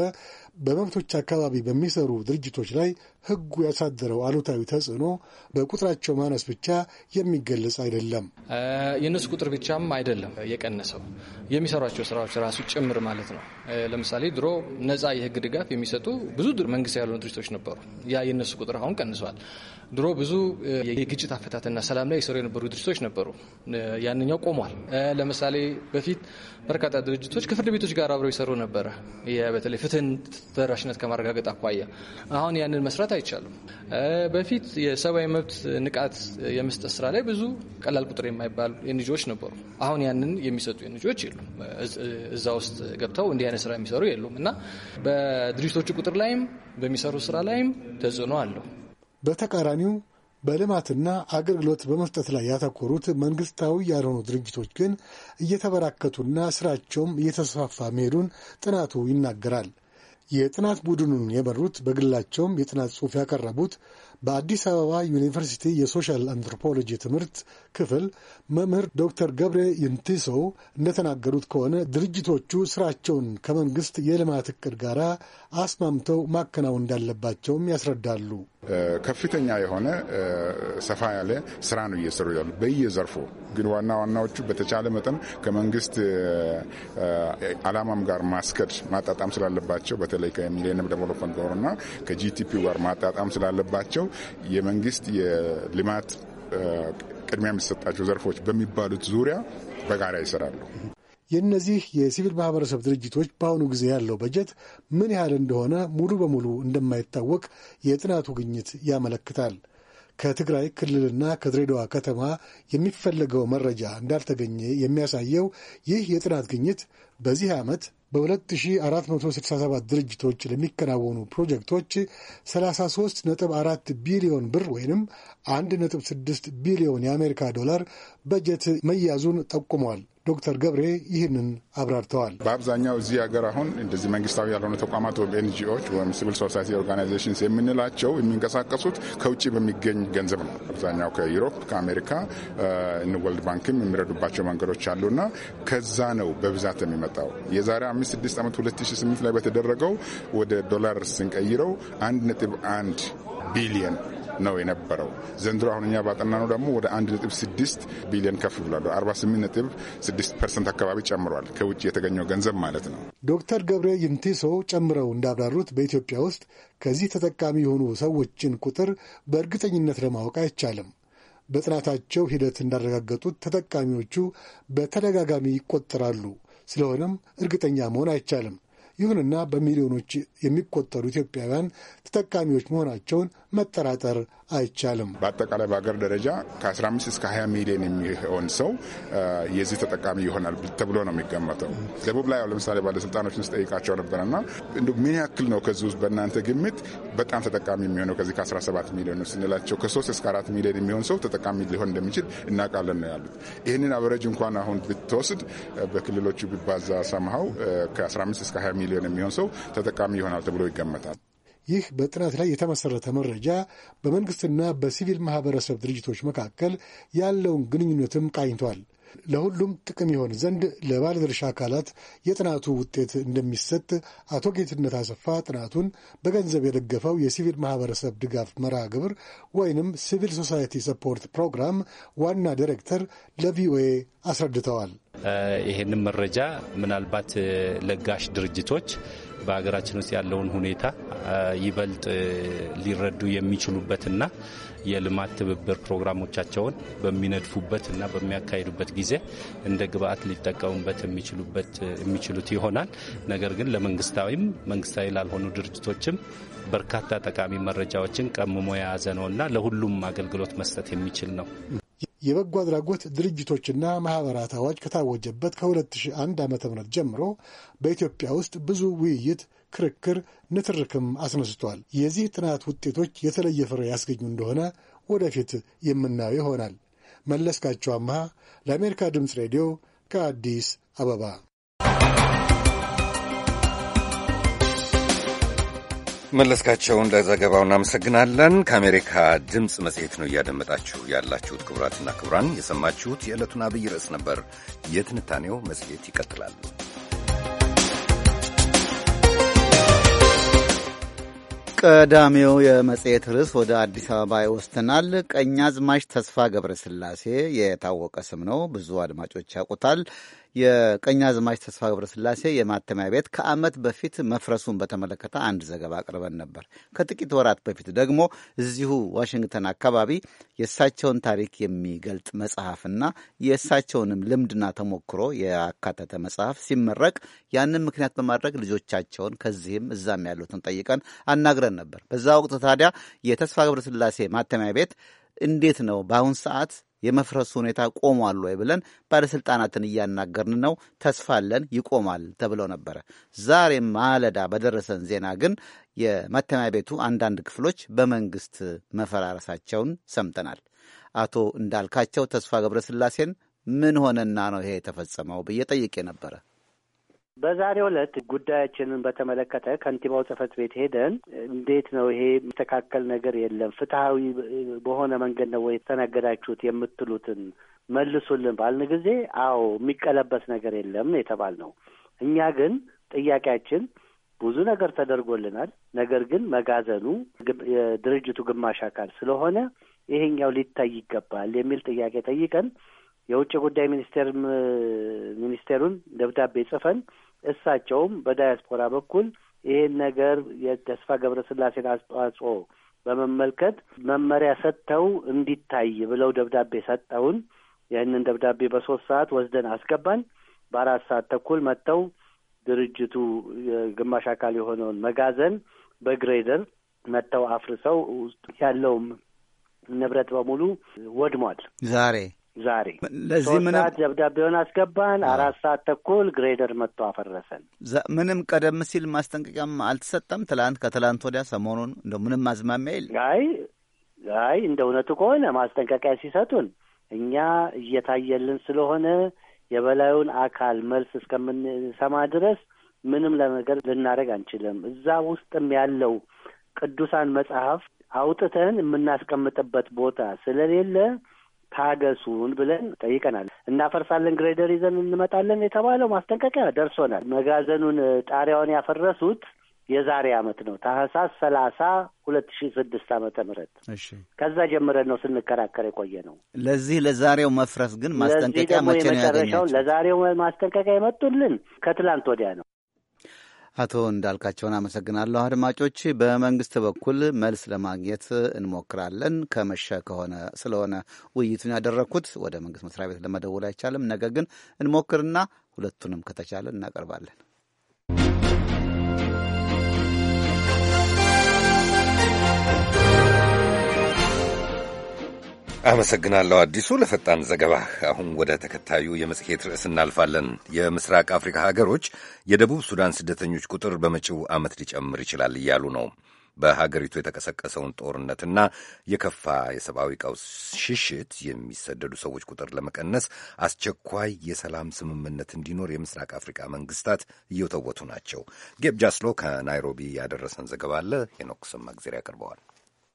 በመብቶች አካባቢ በሚሰሩ ድርጅቶች ላይ ሕጉ ያሳደረው አሉታዊ ተጽዕኖ በቁጥራቸው ማነስ ብቻ የሚገለጽ አይደለም። የእነሱ ቁጥር ብቻም አይደለም የቀነሰው የሚሰሯቸው ስራዎች ራሱ ጭምር ማለት ነው። ለምሳሌ ድሮ ነጻ የህግ ድጋፍ የሚሰጡ ብዙ መንግስት ያልሆኑ ድርጅቶች ነበሩ። ያ የእነሱ ቁጥር አሁን ቀንሷል። ድሮ ብዙ የግጭት አፈታትና ሰላም ላይ የሰሩ የነበሩ ድርጅቶች ነበሩ። ያንኛው ቆሟል። ለምሳሌ በፊት በርካታ ድርጅቶች ከፍርድ ቤቶች ጋር አብረው ይሰሩ ነበረ። በተለይ ፍትህን ተደራሽነት ከማረጋገጥ አኳያ አሁን ያንን መስራት አይቻልም። በፊት የሰብአዊ መብት ንቃት የመስጠት ስራ ላይ ብዙ ቀላል ቁጥር የማይባሉ ኤንጂኦዎች ነበሩ። አሁን ያንን የሚሰጡ ኤንጂኦዎች የሉም። እዛ ውስጥ ገብተው እንዲህ አይነት ስራ የሚሰሩ የሉም እና በድርጅቶቹ ቁጥር ላይም በሚሰሩ ስራ ላይም ተጽዕኖ አለው። በተቃራኒው በልማትና አገልግሎት በመስጠት ላይ ያተኮሩት መንግስታዊ ያልሆኑ ድርጅቶች ግን እየተበራከቱና ስራቸውም እየተስፋፋ መሄዱን ጥናቱ ይናገራል። የጥናት ቡድኑን የመሩት በግላቸውም የጥናት ጽሑፍ ያቀረቡት በአዲስ አበባ ዩኒቨርሲቲ የሶሻል አንትሮፖሎጂ ትምህርት ክፍል መምህር ዶክተር ገብሬ ይንቲሶው እንደተናገሩት ከሆነ ድርጅቶቹ ስራቸውን ከመንግስት የልማት እቅድ ጋር አስማምተው ማከናወን እንዳለባቸውም ያስረዳሉ። ከፍተኛ የሆነ ሰፋ ያለ ስራ ነው እየሰሩ ያሉ በየዘርፉ ግን ዋና ዋናዎቹ በተቻለ መጠን ከመንግስት አላማም ጋር ማስከድ ማጣጣም ስላለባቸው በተለይ ከሚሌኒየም ዴቨሎፕመንት ጎልና ከጂቲፒ ጋር ማጣጣም ስላለባቸው የመንግስት የልማት ቅድሚያ የሚሰጣቸው ዘርፎች በሚባሉት ዙሪያ በጋራ ይሰራሉ። የእነዚህ የሲቪል ማህበረሰብ ድርጅቶች በአሁኑ ጊዜ ያለው በጀት ምን ያህል እንደሆነ ሙሉ በሙሉ እንደማይታወቅ የጥናቱ ግኝት ያመለክታል። ከትግራይ ክልልና ከድሬዳዋ ከተማ የሚፈለገው መረጃ እንዳልተገኘ የሚያሳየው ይህ የጥናት ግኝት በዚህ ዓመት በ2467 ድርጅቶች ለሚከናወኑ ፕሮጀክቶች 33.4 ቢሊዮን ብር ወይም 1.6 ቢሊዮን የአሜሪካ ዶላር በጀት መያዙን ጠቁሟል። ዶክተር ገብሬ ይህንን አብራርተዋል። በአብዛኛው እዚህ ሀገር አሁን እንደዚህ መንግስታዊ ያልሆኑ ተቋማት ወይም ኤንጂኦች ወይም ሲቪል ሶሳይቲ ኦርጋናይዜሽንስ የምንላቸው የሚንቀሳቀሱት ከውጭ በሚገኝ ገንዘብ ነው። አብዛኛው ከዩሮፕ ከአሜሪካ፣ ወርልድ ባንክም የሚረዱባቸው መንገዶች አሉና ከዛ ነው በብዛት የሚመጣው። የዛሬ አምስት ስድስት ዓመት 2008 ላይ በተደረገው ወደ ዶላር ስንቀይረው 1.1 ቢሊየን ነው የነበረው። ዘንድሮ አሁን እኛ ባጠና ነው ደግሞ ወደ 1.6 ቢሊዮን ከፍ ብሏል። 48.6 ፐርሰንት አካባቢ ጨምሯል፣ ከውጭ የተገኘው ገንዘብ ማለት ነው። ዶክተር ገብረ ይንቲሶ ጨምረው እንዳብራሩት በኢትዮጵያ ውስጥ ከዚህ ተጠቃሚ የሆኑ ሰዎችን ቁጥር በእርግጠኝነት ለማወቅ አይቻልም። በጥናታቸው ሂደት እንዳረጋገጡት ተጠቃሚዎቹ በተደጋጋሚ ይቆጠራሉ። ስለሆነም እርግጠኛ መሆን አይቻልም። ይሁንና በሚሊዮኖች የሚቆጠሩ ኢትዮጵያውያን ተጠቃሚዎች መሆናቸውን መጠራጠር አይቻልም። በአጠቃላይ በሀገር ደረጃ ከ15 እስከ 20 ሚሊዮን የሚሆን ሰው የዚህ ተጠቃሚ ይሆናል ተብሎ ነው የሚገመተው። ደቡብ ላይ ለምሳሌ ባለስልጣኖችን ስጠይቃቸው ነበረና ምን ያክል ነው ከዚህ ውስጥ በእናንተ ግምት በጣም ተጠቃሚ የሚሆነው ከዚህ ከ17 ሚሊዮን ስንላቸው ከ3 እስከ 4 ሚሊዮን የሚሆን ሰው ተጠቃሚ ሊሆን እንደሚችል እናውቃለን ነው ያሉት። ይህንን አበረጅ እንኳን አሁን ብትወስድ በክልሎቹ ቢባዛ ሰምሃው ከ15 እስከ 20 ሚሊዮን የሚሆን ሰው ተጠቃሚ ይሆናል ተብሎ ይገመታል። ይህ በጥናት ላይ የተመሰረተ መረጃ በመንግስትና በሲቪል ማህበረሰብ ድርጅቶች መካከል ያለውን ግንኙነትም ቃኝቷል። ለሁሉም ጥቅም ይሆን ዘንድ ለባለድርሻ አካላት የጥናቱ ውጤት እንደሚሰጥ አቶ ጌትነት አሰፋ ጥናቱን በገንዘብ የደገፈው የሲቪል ማህበረሰብ ድጋፍ መርሃ ግብር ወይንም ሲቪል ሶሳይቲ ሰፖርት ፕሮግራም ዋና ዲሬክተር ለቪኦኤ አስረድተዋል። ይህንም መረጃ ምናልባት ለጋሽ ድርጅቶች በሀገራችን ውስጥ ያለውን ሁኔታ ይበልጥ ሊረዱ የሚችሉበትና የልማት ትብብር ፕሮግራሞቻቸውን በሚነድፉበት እና በሚያካሂዱበት ጊዜ እንደ ግብአት ሊጠቀሙበት የሚችሉት ይሆናል። ነገር ግን ለመንግስታዊም መንግስታዊ ላልሆኑ ድርጅቶችም በርካታ ጠቃሚ መረጃዎችን ቀምሞ የያዘ ነውና ለሁሉም አገልግሎት መስጠት የሚችል ነው። የበጎ አድራጎት ድርጅቶችና ማኅበራት አዋጅ ከታወጀበት ከ2001 ዓ ም ጀምሮ በኢትዮጵያ ውስጥ ብዙ ውይይት፣ ክርክር፣ ንትርክም አስነስቷል። የዚህ ጥናት ውጤቶች የተለየ ፍሬ ያስገኙ እንደሆነ ወደፊት የምናየው ይሆናል። መለስካቸው አምሃ ለአሜሪካ ድምፅ ሬዲዮ ከአዲስ አበባ መለስካቸውን ለዘገባው እናመሰግናለን። ከአሜሪካ ድምፅ መጽሔት ነው እያደመጣችሁ ያላችሁት። ክቡራትና ክቡራን የሰማችሁት የዕለቱን አብይ ርዕስ ነበር። የትንታኔው መጽሔት ይቀጥላል። ቀዳሚው የመጽሔት ርዕስ ወደ አዲስ አበባ ይወስደናል። ቀኛዝማች ተስፋ ገብረስላሴ የታወቀ ስም ነው፣ ብዙ አድማጮች ያውቁታል። አዝማች ተስፋ ገብረስላሴ የማተሚያ ቤት ከዓመት በፊት መፍረሱን በተመለከተ አንድ ዘገባ አቅርበን ነበር። ከጥቂት ወራት በፊት ደግሞ እዚሁ ዋሽንግተን አካባቢ የእሳቸውን ታሪክ የሚገልጥ መጽሐፍና የእሳቸውንም ልምድና ተሞክሮ ያካተተ መጽሐፍ ሲመረቅ ያንን ምክንያት በማድረግ ልጆቻቸውን ከዚህም እዛም ያሉትን ጠይቀን አናግረን ነበር። በዛ ወቅት ታዲያ የተስፋ ገብረስላሴ ማተሚያ ቤት እንዴት ነው በአሁን ሰዓት የመፍረሱ ሁኔታ ቆሟል ወይ ብለን ባለሥልጣናትን እያናገርን ነው። ተስፋ አለን ይቆማል ተብለው ነበረ። ዛሬ ማለዳ በደረሰን ዜና ግን የማተሚያ ቤቱ አንዳንድ ክፍሎች በመንግስት መፈራረሳቸውን ሰምተናል። አቶ እንዳልካቸው ተስፋ ገብረስላሴን ምን ሆነና ነው ይሄ የተፈጸመው ብዬ ጠይቄ ነበረ። በዛሬው ዕለት ጉዳያችንን በተመለከተ ከንቲባው ጽፈት ቤት ሄደን እንዴት ነው ይሄ የሚስተካከል ነገር የለም፣ ፍትሐዊ በሆነ መንገድ ነው ወይ የተናገዳችሁት የምትሉትን መልሱልን ባልን ጊዜ አዎ የሚቀለበስ ነገር የለም የተባል ነው። እኛ ግን ጥያቄያችን ብዙ ነገር ተደርጎልናል። ነገር ግን መጋዘኑ የድርጅቱ ግማሽ አካል ስለሆነ ይሄኛው ሊታይ ይገባል የሚል ጥያቄ ጠይቀን የውጭ ጉዳይ ሚኒስቴር ሚኒስቴሩን ደብዳቤ ጽፈን እሳቸውም በዳያስፖራ በኩል ይሄን ነገር የተስፋ ገብረስላሴን አስተዋጽኦ በመመልከት መመሪያ ሰጥተው እንዲታይ ብለው ደብዳቤ ሰጠውን። ይህንን ደብዳቤ በሶስት ሰዓት ወስደን አስገባን። በአራት ሰዓት ተኩል መጥተው ድርጅቱ ግማሽ አካል የሆነውን መጋዘን በግሬደር መጥተው አፍርሰው ውስጥ ያለውም ንብረት በሙሉ ወድሟል። ዛሬ ዛሬ ለዚህ ምንም ደብዳቤውን አስገባን። አራት ሰዓት ተኩል ግሬደር መጥቶ አፈረሰን። ምንም ቀደም ሲል ማስጠንቀቂያም አልተሰጠም። ትላንት ከትላንት ወዲያ ሰሞኑን እንደ ምንም አዝማሚያ የለ። አይ አይ እንደ እውነቱ ከሆነ ማስጠንቀቂያ ሲሰጡን እኛ እየታየልን ስለሆነ የበላዩን አካል መልስ እስከምንሰማ ድረስ ምንም ለነገር ልናደርግ አንችልም። እዛ ውስጥም ያለው ቅዱሳን መጽሐፍ አውጥተን የምናስቀምጥበት ቦታ ስለሌለ ታገሱን ብለን ጠይቀናል። እናፈርሳለን፣ ግሬደር ይዘን እንመጣለን የተባለው ማስጠንቀቂያ ደርሶናል። መጋዘኑን ጣሪያውን ያፈረሱት የዛሬ አመት ነው ታህሳስ ሰላሳ ሁለት ሺ ስድስት አመተ ምህረት ከዛ ጀምረን ነው ስንከራከር የቆየ ነው። ለዚህ ለዛሬው መፍረስ ግን ማስጠንቀቂያ መቼ ነው ለዛሬው ማስጠንቀቂያ የመጡልን ከትላንት ወዲያ ነው። አቶ እንዳልካቸውን አመሰግናለሁ። አድማጮች፣ በመንግስት በኩል መልስ ለማግኘት እንሞክራለን። ከመሸ ከሆነ ስለሆነ ውይይቱን ያደረግኩት ወደ መንግስት መስሪያ ቤት ለመደወል አይቻልም። ነገር ግን እንሞክርና ሁለቱንም ከተቻለ እናቀርባለን። አመሰግናለሁ አዲሱ ለፈጣን ዘገባ። አሁን ወደ ተከታዩ የመጽሔት ርዕስ እናልፋለን። የምስራቅ አፍሪካ ሀገሮች የደቡብ ሱዳን ስደተኞች ቁጥር በመጪው ዓመት ሊጨምር ይችላል እያሉ ነው። በሀገሪቱ የተቀሰቀሰውን ጦርነትና የከፋ የሰብአዊ ቀውስ ሽሽት የሚሰደዱ ሰዎች ቁጥር ለመቀነስ አስቸኳይ የሰላም ስምምነት እንዲኖር የምስራቅ አፍሪካ መንግስታት እየወተወቱ ናቸው። ጌብ ጃስሎ ከናይሮቢ ያደረሰን ዘገባ አለ። ሄኖክ ስማግዜር ያቀርበዋል።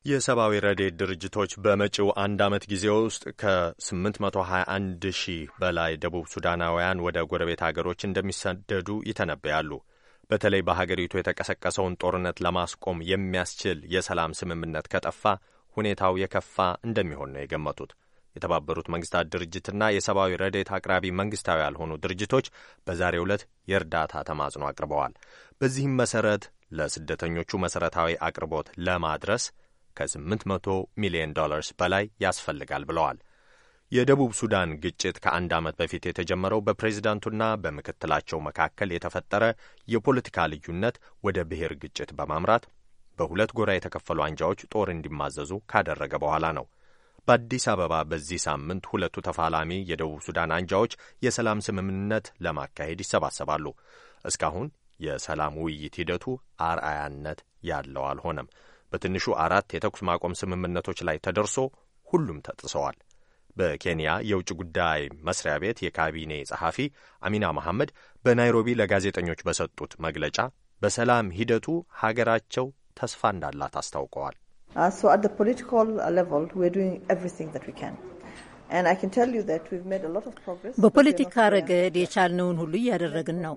የሰብአዊ ረዴት ድርጅቶች በመጪው አንድ ዓመት ጊዜ ውስጥ ከ821 ሺህ በላይ ደቡብ ሱዳናውያን ወደ ጎረቤት አገሮች እንደሚሰደዱ ይተነበያሉ። በተለይ በሀገሪቱ የተቀሰቀሰውን ጦርነት ለማስቆም የሚያስችል የሰላም ስምምነት ከጠፋ ሁኔታው የከፋ እንደሚሆን ነው የገመቱት። የተባበሩት መንግስታት ድርጅትና የሰብአዊ ረዴት አቅራቢ መንግስታዊ ያልሆኑ ድርጅቶች በዛሬው ዕለት የእርዳታ ተማጽኖ አቅርበዋል። በዚህም መሰረት ለስደተኞቹ መሰረታዊ አቅርቦት ለማድረስ ከ800 ሚሊዮን ዶላርስ በላይ ያስፈልጋል ብለዋል። የደቡብ ሱዳን ግጭት ከአንድ ዓመት በፊት የተጀመረው በፕሬዝዳንቱና በምክትላቸው መካከል የተፈጠረ የፖለቲካ ልዩነት ወደ ብሔር ግጭት በማምራት በሁለት ጎራ የተከፈሉ አንጃዎች ጦር እንዲማዘዙ ካደረገ በኋላ ነው። በአዲስ አበባ በዚህ ሳምንት ሁለቱ ተፋላሚ የደቡብ ሱዳን አንጃዎች የሰላም ስምምነት ለማካሄድ ይሰባሰባሉ። እስካሁን የሰላም ውይይት ሂደቱ አርአያነት ያለው አልሆነም። በትንሹ አራት የተኩስ ማቆም ስምምነቶች ላይ ተደርሶ ሁሉም ተጥሰዋል። በኬንያ የውጭ ጉዳይ መስሪያ ቤት የካቢኔ ጸሐፊ አሚና መሐመድ በናይሮቢ ለጋዜጠኞች በሰጡት መግለጫ በሰላም ሂደቱ ሀገራቸው ተስፋ እንዳላት አስታውቀዋል። uh, በፖለቲካ ረገድ የቻልነውን ሁሉ እያደረግን ነው።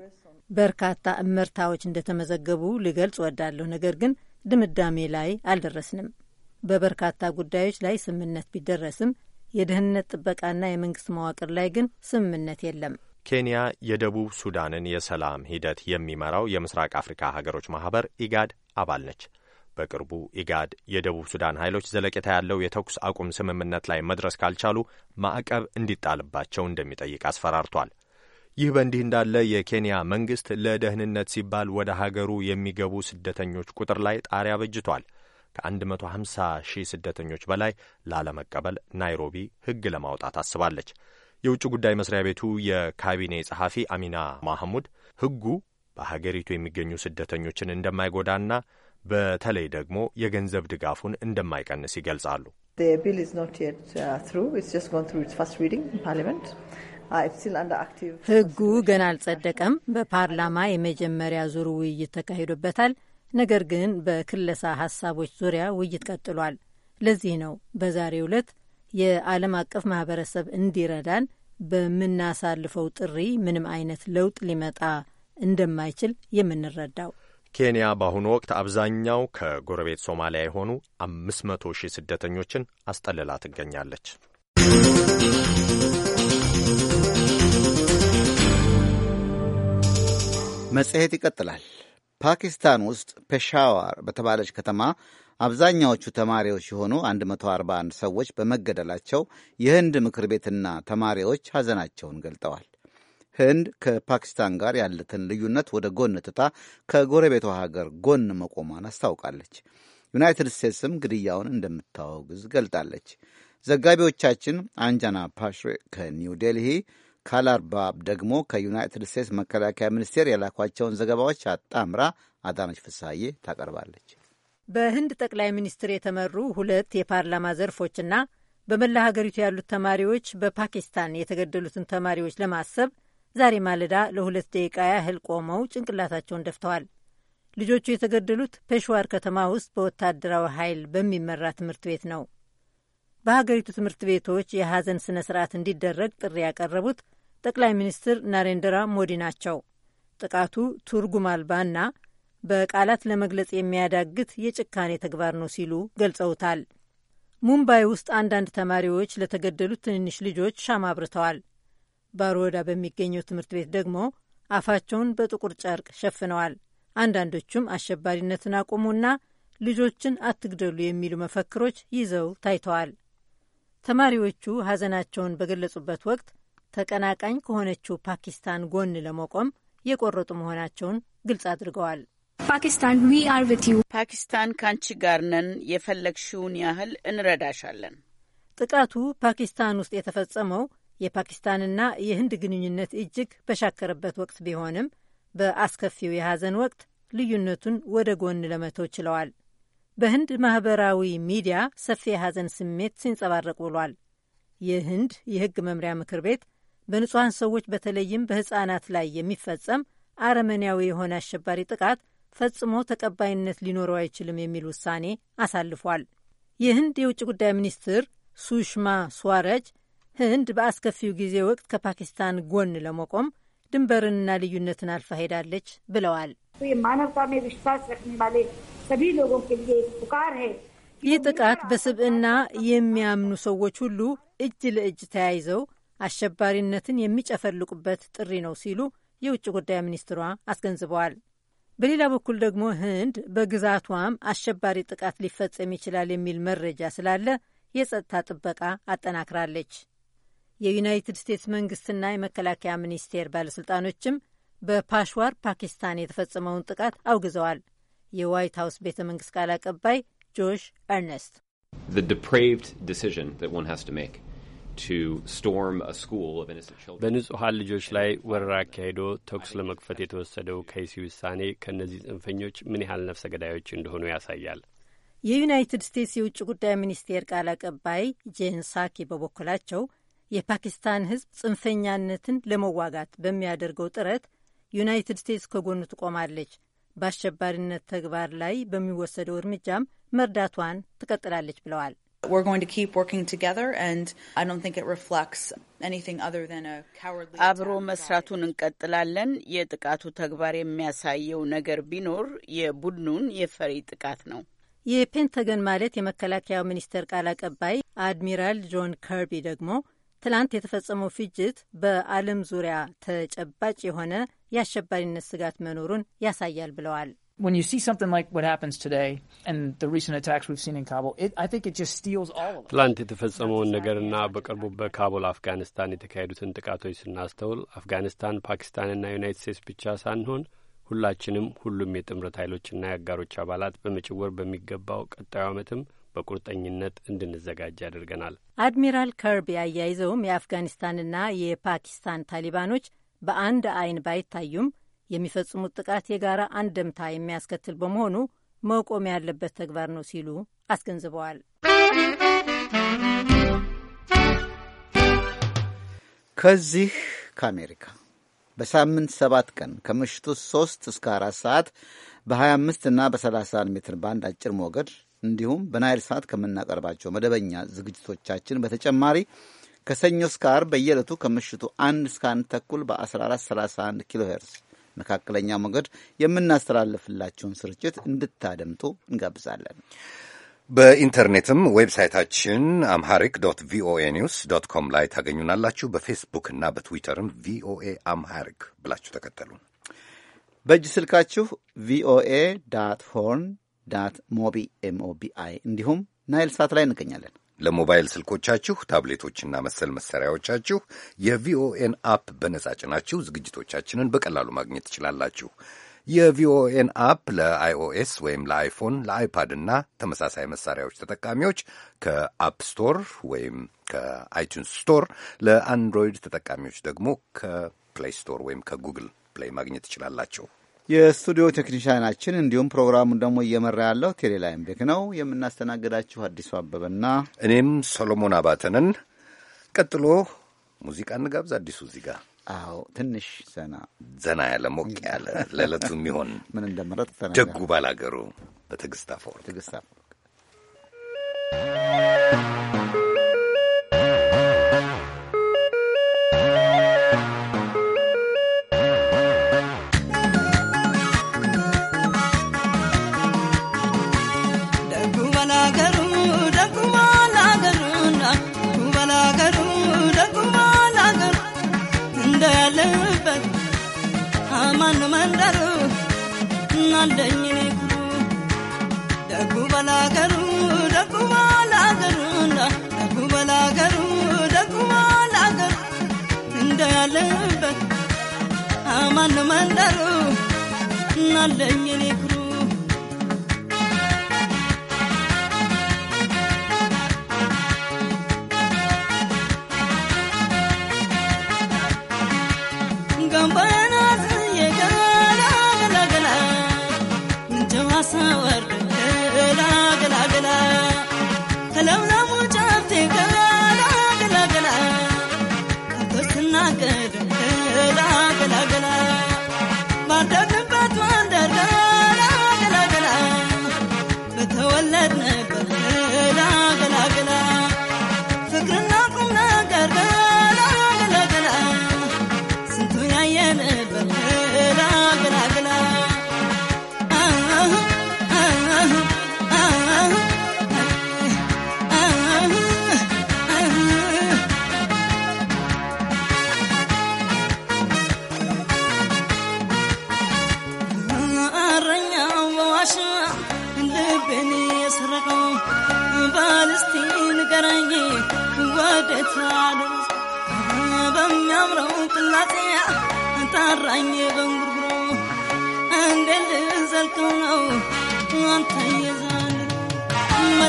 በርካታ እመርታዎች እንደተመዘገቡ ልገልጽ እወዳለሁ። ነገር ግን ድምዳሜ ላይ አልደረስንም። በበርካታ ጉዳዮች ላይ ስምምነት ቢደረስም የደህንነት ጥበቃና የመንግስት መዋቅር ላይ ግን ስምምነት የለም። ኬንያ የደቡብ ሱዳንን የሰላም ሂደት የሚመራው የምስራቅ አፍሪካ ሀገሮች ማህበር ኢጋድ አባል ነች። በቅርቡ ኢጋድ የደቡብ ሱዳን ኃይሎች ዘለቄታ ያለው የተኩስ አቁም ስምምነት ላይ መድረስ ካልቻሉ ማዕቀብ እንዲጣልባቸው እንደሚጠይቅ አስፈራርቷል። ይህ በእንዲህ እንዳለ የኬንያ መንግሥት ለደህንነት ሲባል ወደ ሀገሩ የሚገቡ ስደተኞች ቁጥር ላይ ጣሪያ በጅቷል። ከ150 ሺህ ስደተኞች በላይ ላለመቀበል ናይሮቢ ሕግ ለማውጣት አስባለች። የውጭ ጉዳይ መስሪያ ቤቱ የካቢኔ ጸሐፊ አሚና ማህሙድ ሕጉ በሀገሪቱ የሚገኙ ስደተኞችን እንደማይጎዳና በተለይ ደግሞ የገንዘብ ድጋፉን እንደማይቀንስ ይገልጻሉ። ህጉ ገና አልጸደቀም። በፓርላማ የመጀመሪያ ዙር ውይይት ተካሂዶበታል። ነገር ግን በክለሳ ሀሳቦች ዙሪያ ውይይት ቀጥሏል። ለዚህ ነው በዛሬው ዕለት የዓለም አቀፍ ማህበረሰብ እንዲረዳን በምናሳልፈው ጥሪ ምንም አይነት ለውጥ ሊመጣ እንደማይችል የምንረዳው። ኬንያ በአሁኑ ወቅት አብዛኛው ከጎረቤት ሶማሊያ የሆኑ አምስት መቶ ሺህ ስደተኞችን አስጠልላ ትገኛለች። መጽሔት ይቀጥላል። ፓኪስታን ውስጥ ፔሻዋር በተባለች ከተማ አብዛኛዎቹ ተማሪዎች የሆኑ 141 ሰዎች በመገደላቸው የህንድ ምክር ቤትና ተማሪዎች ሐዘናቸውን ገልጠዋል። ህንድ ከፓኪስታን ጋር ያለትን ልዩነት ወደ ጎን ትታ ከጎረቤቷ ሀገር ጎን መቆሟን አስታውቃለች። ዩናይትድ ስቴትስም ግድያውን እንደምታወግዝ ገልጣለች። ዘጋቢዎቻችን አንጃና ፓሽሬ ከኒው ዴልሂ ካላርባብ ደግሞ ከዩናይትድ ስቴትስ መከላከያ ሚኒስቴር የላኳቸውን ዘገባዎች አጣምራ አዳነች ፍሳዬ ታቀርባለች። በህንድ ጠቅላይ ሚኒስትር የተመሩ ሁለት የፓርላማ ዘርፎችና በመላ ሀገሪቱ ያሉት ተማሪዎች በፓኪስታን የተገደሉትን ተማሪዎች ለማሰብ ዛሬ ማለዳ ለሁለት ደቂቃ ያህል ቆመው ጭንቅላታቸውን ደፍተዋል። ልጆቹ የተገደሉት ፔሽዋር ከተማ ውስጥ በወታደራዊ ኃይል በሚመራ ትምህርት ቤት ነው። በሀገሪቱ ትምህርት ቤቶች የሐዘን ስነ ስርዓት እንዲደረግ ጥሪ ያቀረቡት ጠቅላይ ሚኒስትር ናሬንድራ ሞዲ ናቸው። ጥቃቱ ትርጉም አልባና በቃላት ለመግለጽ የሚያዳግት የጭካኔ ተግባር ነው ሲሉ ገልጸውታል። ሙምባይ ውስጥ አንዳንድ ተማሪዎች ለተገደሉት ትንንሽ ልጆች ሻማ አብርተዋል። ባሮወዳ በሚገኘው ትምህርት ቤት ደግሞ አፋቸውን በጥቁር ጨርቅ ሸፍነዋል። አንዳንዶቹም አሸባሪነትን አቁሙና ልጆችን አትግደሉ የሚሉ መፈክሮች ይዘው ታይተዋል። ተማሪዎቹ ሐዘናቸውን በገለጹበት ወቅት ተቀናቃኝ ከሆነችው ፓኪስታን ጎን ለመቆም የቆረጡ መሆናቸውን ግልጽ አድርገዋል። ፓኪስታን ዊ አር ዊዝ ዩ፣ ፓኪስታን ካንቺ ጋር ነን፣ የፈለግሽውን ያህል እንረዳሻለን። ጥቃቱ ፓኪስታን ውስጥ የተፈጸመው የፓኪስታንና የህንድ ግንኙነት እጅግ በሻከረበት ወቅት ቢሆንም በአስከፊው የሐዘን ወቅት ልዩነቱን ወደ ጎን ለመተው ችለዋል። በህንድ ማህበራዊ ሚዲያ ሰፊ የሐዘን ስሜት ሲንጸባረቅ ውሏል። የህንድ የህግ መምሪያ ምክር ቤት በንጹሐን ሰዎች በተለይም በሕፃናት ላይ የሚፈጸም አረመኔያዊ የሆነ አሸባሪ ጥቃት ፈጽሞ ተቀባይነት ሊኖረው አይችልም የሚል ውሳኔ አሳልፏል። የህንድ የውጭ ጉዳይ ሚኒስትር ሱሽማ ስዋረጅ ህንድ በአስከፊው ጊዜ ወቅት ከፓኪስታን ጎን ለመቆም ድንበርንና ልዩነትን አልፋ ሄዳለች ብለዋል። तो ये मानवता में विश्वास रखने वाले सभी लोगों के लिए एक पुकार है ይህ ጥቃት በስብዕና የሚያምኑ ሰዎች ሁሉ እጅ ለእጅ ተያይዘው አሸባሪነትን የሚጨፈልቁበት ጥሪ ነው ሲሉ የውጭ ጉዳይ ሚኒስትሯ አስገንዝበዋል። በሌላ በኩል ደግሞ ህንድ በግዛቷም አሸባሪ ጥቃት ሊፈጸም ይችላል የሚል መረጃ ስላለ የጸጥታ ጥበቃ አጠናክራለች። የዩናይትድ ስቴትስ መንግስትና የመከላከያ ሚኒስቴር ባለሥልጣኖችም በፓሽዋር ፓኪስታን የተፈጸመውን ጥቃት አውግዘዋል። የዋይት ሀውስ ቤተ መንግስት ቃል አቀባይ ጆሽ ኤርነስት በንጹሐን ልጆች ላይ ወረራ አካሂዶ ተኩስ ለመክፈት የተወሰደው ከይሲ ውሳኔ ከእነዚህ ጽንፈኞች ምን ያህል ነፍሰ ገዳዮች እንደሆኑ ያሳያል። የዩናይትድ ስቴትስ የውጭ ጉዳይ ሚኒስቴር ቃል አቀባይ ጄን ሳኪ በበኩላቸው የፓኪስታን ሕዝብ ጽንፈኛነትን ለመዋጋት በሚያደርገው ጥረት ዩናይትድ ስቴትስ ከጎኑ ትቆማለች፣ በአሸባሪነት ተግባር ላይ በሚወሰደው እርምጃም መርዳቷን ትቀጥላለች ብለዋል። አብሮ መስራቱን እንቀጥላለን። የጥቃቱ ተግባር የሚያሳየው ነገር ቢኖር የቡድኑን የፈሪ ጥቃት ነው። የፔንተገን ማለት የመከላከያው ሚኒስቴር ቃል አቀባይ አድሚራል ጆን ከርቢ ደግሞ ትላንት የተፈጸመው ፍጅት በዓለም ዙሪያ ተጨባጭ የሆነ የአሸባሪነት ስጋት መኖሩን ያሳያል ብለዋል። ትላንት የተፈጸመውን ነገርና በቅርቡ በካቡል አፍጋኒስታን የተካሄዱትን ጥቃቶች ስናስተውል አፍጋኒስታን፣ ፓኪስታንና ዩናይትድ ስቴትስ ብቻ ሳንሆን ሁላችንም፣ ሁሉም የጥምረት ኃይሎችና የአጋሮች አባላት በመጭወር በሚገባው ቀጣዩ ዓመትም በቁርጠኝነት እንድንዘጋጅ ያደርገናል። አድሚራል ከርቢ አያይዘውም የአፍጋኒስታንና የፓኪስታን ታሊባኖች በአንድ አይን ባይታዩም የሚፈጽሙት ጥቃት የጋራ አንድምታ የሚያስከትል በመሆኑ መቆም ያለበት ተግባር ነው ሲሉ አስገንዝበዋል። ከዚህ ከአሜሪካ በሳምንት ሰባት ቀን ከምሽቱ 3 እስከ 4 ሰዓት በ25 እና በ31 ሜትር ባንድ አጭር ሞገድ እንዲሁም በናይል ሰዓት ከምናቀርባቸው መደበኛ ዝግጅቶቻችን በተጨማሪ ከሰኞ እስከ ዓርብ በየዕለቱ ከምሽቱ አንድ እስከ አንድ ተኩል በ1431 ኪሎ ሄርስ መካከለኛ ሞገድ የምናስተላልፍላችሁን ስርጭት እንድታደምጡ እንጋብዛለን። በኢንተርኔትም ዌብሳይታችን አምሃሪክ ዶት ቪኦኤ ኒውስ ዶት ኮም ላይ ታገኙናላችሁ። በፌስቡክ በትዊተርም ቪኦኤ አምሃሪክ ብላችሁ ተከተሉ በእጅ ስልካችሁ ቪኦኤ ዳት ሆርን ዳት ሞቢ ኤምኦቢአይ እንዲሁም ናይል ሳት ላይ እንገኛለን። ለሞባይል ስልኮቻችሁ ታብሌቶችና መሰል መሳሪያዎቻችሁ የቪኦኤን አፕ በነጻ ጭናችሁ ዝግጅቶቻችንን በቀላሉ ማግኘት ትችላላችሁ። የቪኦኤን አፕ ለአይኦኤስ ወይም ለአይፎን፣ ለአይፓድ እና ተመሳሳይ መሳሪያዎች ተጠቃሚዎች ከአፕ ስቶር ወይም ከአይቱንስ ስቶር፣ ለአንድሮይድ ተጠቃሚዎች ደግሞ ከፕሌይ ስቶር ወይም ከጉግል ፕሌይ ማግኘት ትችላላችሁ። የስቱዲዮ ቴክኒሻናችን እንዲሁም ፕሮግራሙን ደግሞ እየመራ ያለው ቴሌላይም ቤክ ነው። የምናስተናግዳችሁ አዲሱ አበበና እኔም ሰሎሞን አባተንን። ቀጥሎ ሙዚቃ እንጋብዝ። አዲሱ እዚህ ጋር አዎ፣ ትንሽ ዘና ዘና ያለ ሞቅ ያለ ለዕለቱ የሚሆን ምን እንደመረጥ ደጉ ባላገሩ በትዕግስት አፈወርቅ ያለበት አማን መንደር እናንደኝ ጉሩ ደጉ በላገሩ ደጉ ባላገሩ ደጉ በላገሩ ደጉ ባላገሩ እንደ ያለበት አማን መንደሩ እናንደኝ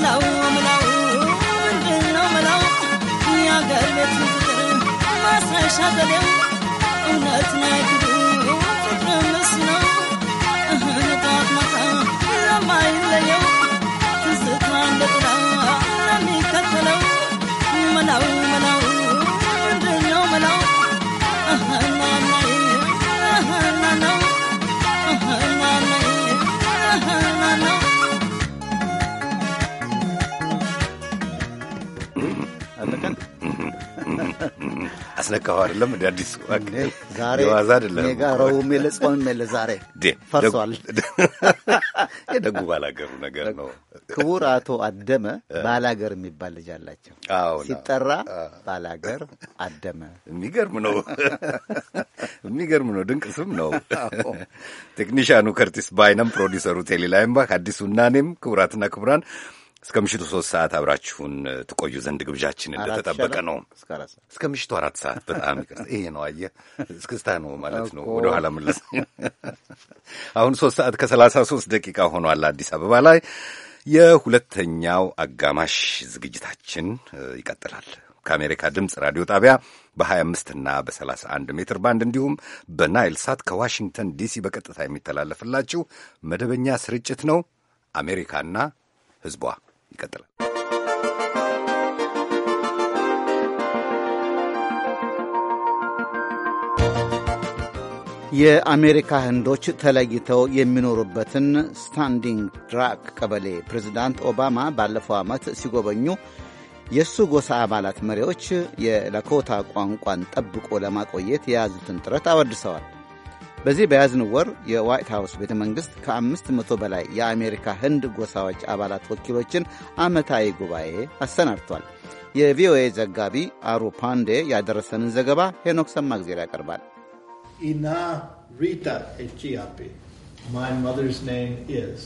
ምለው ምለው ምንድን ነው ምለው የአገር ቤት ፍቅር ማስረሻ ዘዴው እውነት ነው ልታስነካው አይደለም እንደ አዲሱ ዋዛ አይደለም ጾምም የለ ዛሬ ፈርሷል። የደጉ ባላገሩ ነገር ነው። ክቡር አቶ አደመ ባላገር የሚባል ልጅ አላቸው። ሲጠራ ባላገር አደመ። የሚገርም ነው፣ የሚገርም ነው። ድንቅ ስም ነው። ቴክኒሽያኑ ከርቲስ ባይነም፣ ፕሮዲሰሩ ቴሌላይምባክ፣ አዲሱ እና እኔም ክቡራትና ክቡራን እስከ ምሽቱ ሶስት ሰዓት አብራችሁን ትቆዩ ዘንድ ግብዣችን እንደተጠበቀ ነው። እስከ ምሽቱ አራት ሰዓት በጣም ይቅርታ። ይሄ ነው አየ እስክስታ ነው ማለት ነው። ወደ ኋላ መለስ። አሁን ሶስት ሰዓት ከሰላሳ ሶስት ደቂቃ ሆኗል አዲስ አበባ ላይ። የሁለተኛው አጋማሽ ዝግጅታችን ይቀጥላል። ከአሜሪካ ድምፅ ራዲዮ ጣቢያ በ25 እና በ31 ሜትር ባንድ እንዲሁም በናይል ሳት ከዋሽንግተን ዲሲ በቀጥታ የሚተላለፍላችሁ መደበኛ ስርጭት ነው። አሜሪካና ሕዝቧ ይቀጥላል። የአሜሪካ ህንዶች ተለይተው የሚኖሩበትን ስታንዲንግ ድራክ ቀበሌ ፕሬዚዳንት ኦባማ ባለፈው ዓመት ሲጎበኙ የእሱ ጎሳ አባላት መሪዎች የላኮታ ቋንቋን ጠብቆ ለማቆየት የያዙትን ጥረት አወድሰዋል። በዚህ በያዝን ወር የዋይት ሃውስ ቤተ መንግሥት ከአምስት መቶ በላይ የአሜሪካ ህንድ ጎሳዎች አባላት ወኪሎችን ዓመታዊ ጉባኤ አሰናድቷል። የቪኦኤ ዘጋቢ አሩ ፓንዴ ያደረሰንን ዘገባ ሄኖክ ሰማግዜር ያቀርባል። ኢና ሪታ ማይ ማዘርስ ኔም ኢዝ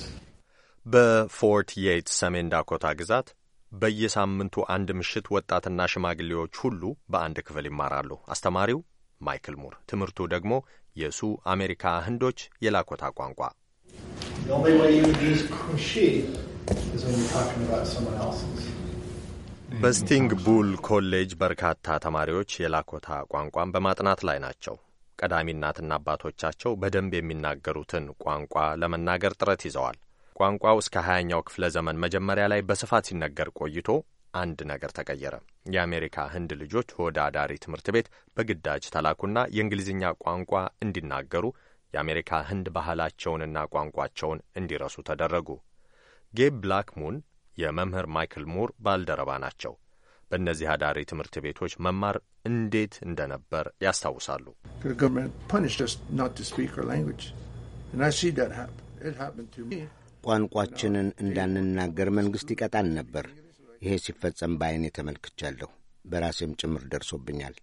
በፎርት የት ሰሜን ዳኮታ ግዛት በየሳምንቱ አንድ ምሽት ወጣትና ሽማግሌዎች ሁሉ በአንድ ክፍል ይማራሉ። አስተማሪው ማይክል ሙር ትምህርቱ ደግሞ የሱ አሜሪካ ህንዶች የላኮታ ቋንቋ። በስቲንግ ቡል ኮሌጅ በርካታ ተማሪዎች የላኮታ ቋንቋን በማጥናት ላይ ናቸው። ቀዳሚ እናትና አባቶቻቸው በደንብ የሚናገሩትን ቋንቋ ለመናገር ጥረት ይዘዋል። ቋንቋው እስከ ሀያኛው ክፍለ ዘመን መጀመሪያ ላይ በስፋት ሲነገር ቆይቶ አንድ ነገር ተቀየረ። የአሜሪካ ህንድ ልጆች አዳሪ ትምህርት ቤት በግዳጅ ተላኩና የእንግሊዝኛ ቋንቋ እንዲናገሩ የአሜሪካ ህንድ ባህላቸውንና ቋንቋቸውን እንዲረሱ ተደረጉ። ጌብ ብላክሙን የመምህር ማይክል ሙር ባልደረባ ናቸው። በእነዚህ አዳሪ ትምህርት ቤቶች መማር እንዴት እንደነበር ያስታውሳሉ። ቋንቋችንን እንዳንናገር መንግሥት ይቀጣን ነበር። ይሄ ሲፈጸም በዓይኔ ተመልክቻለሁ። በራሴም ጭምር ደርሶብኛል።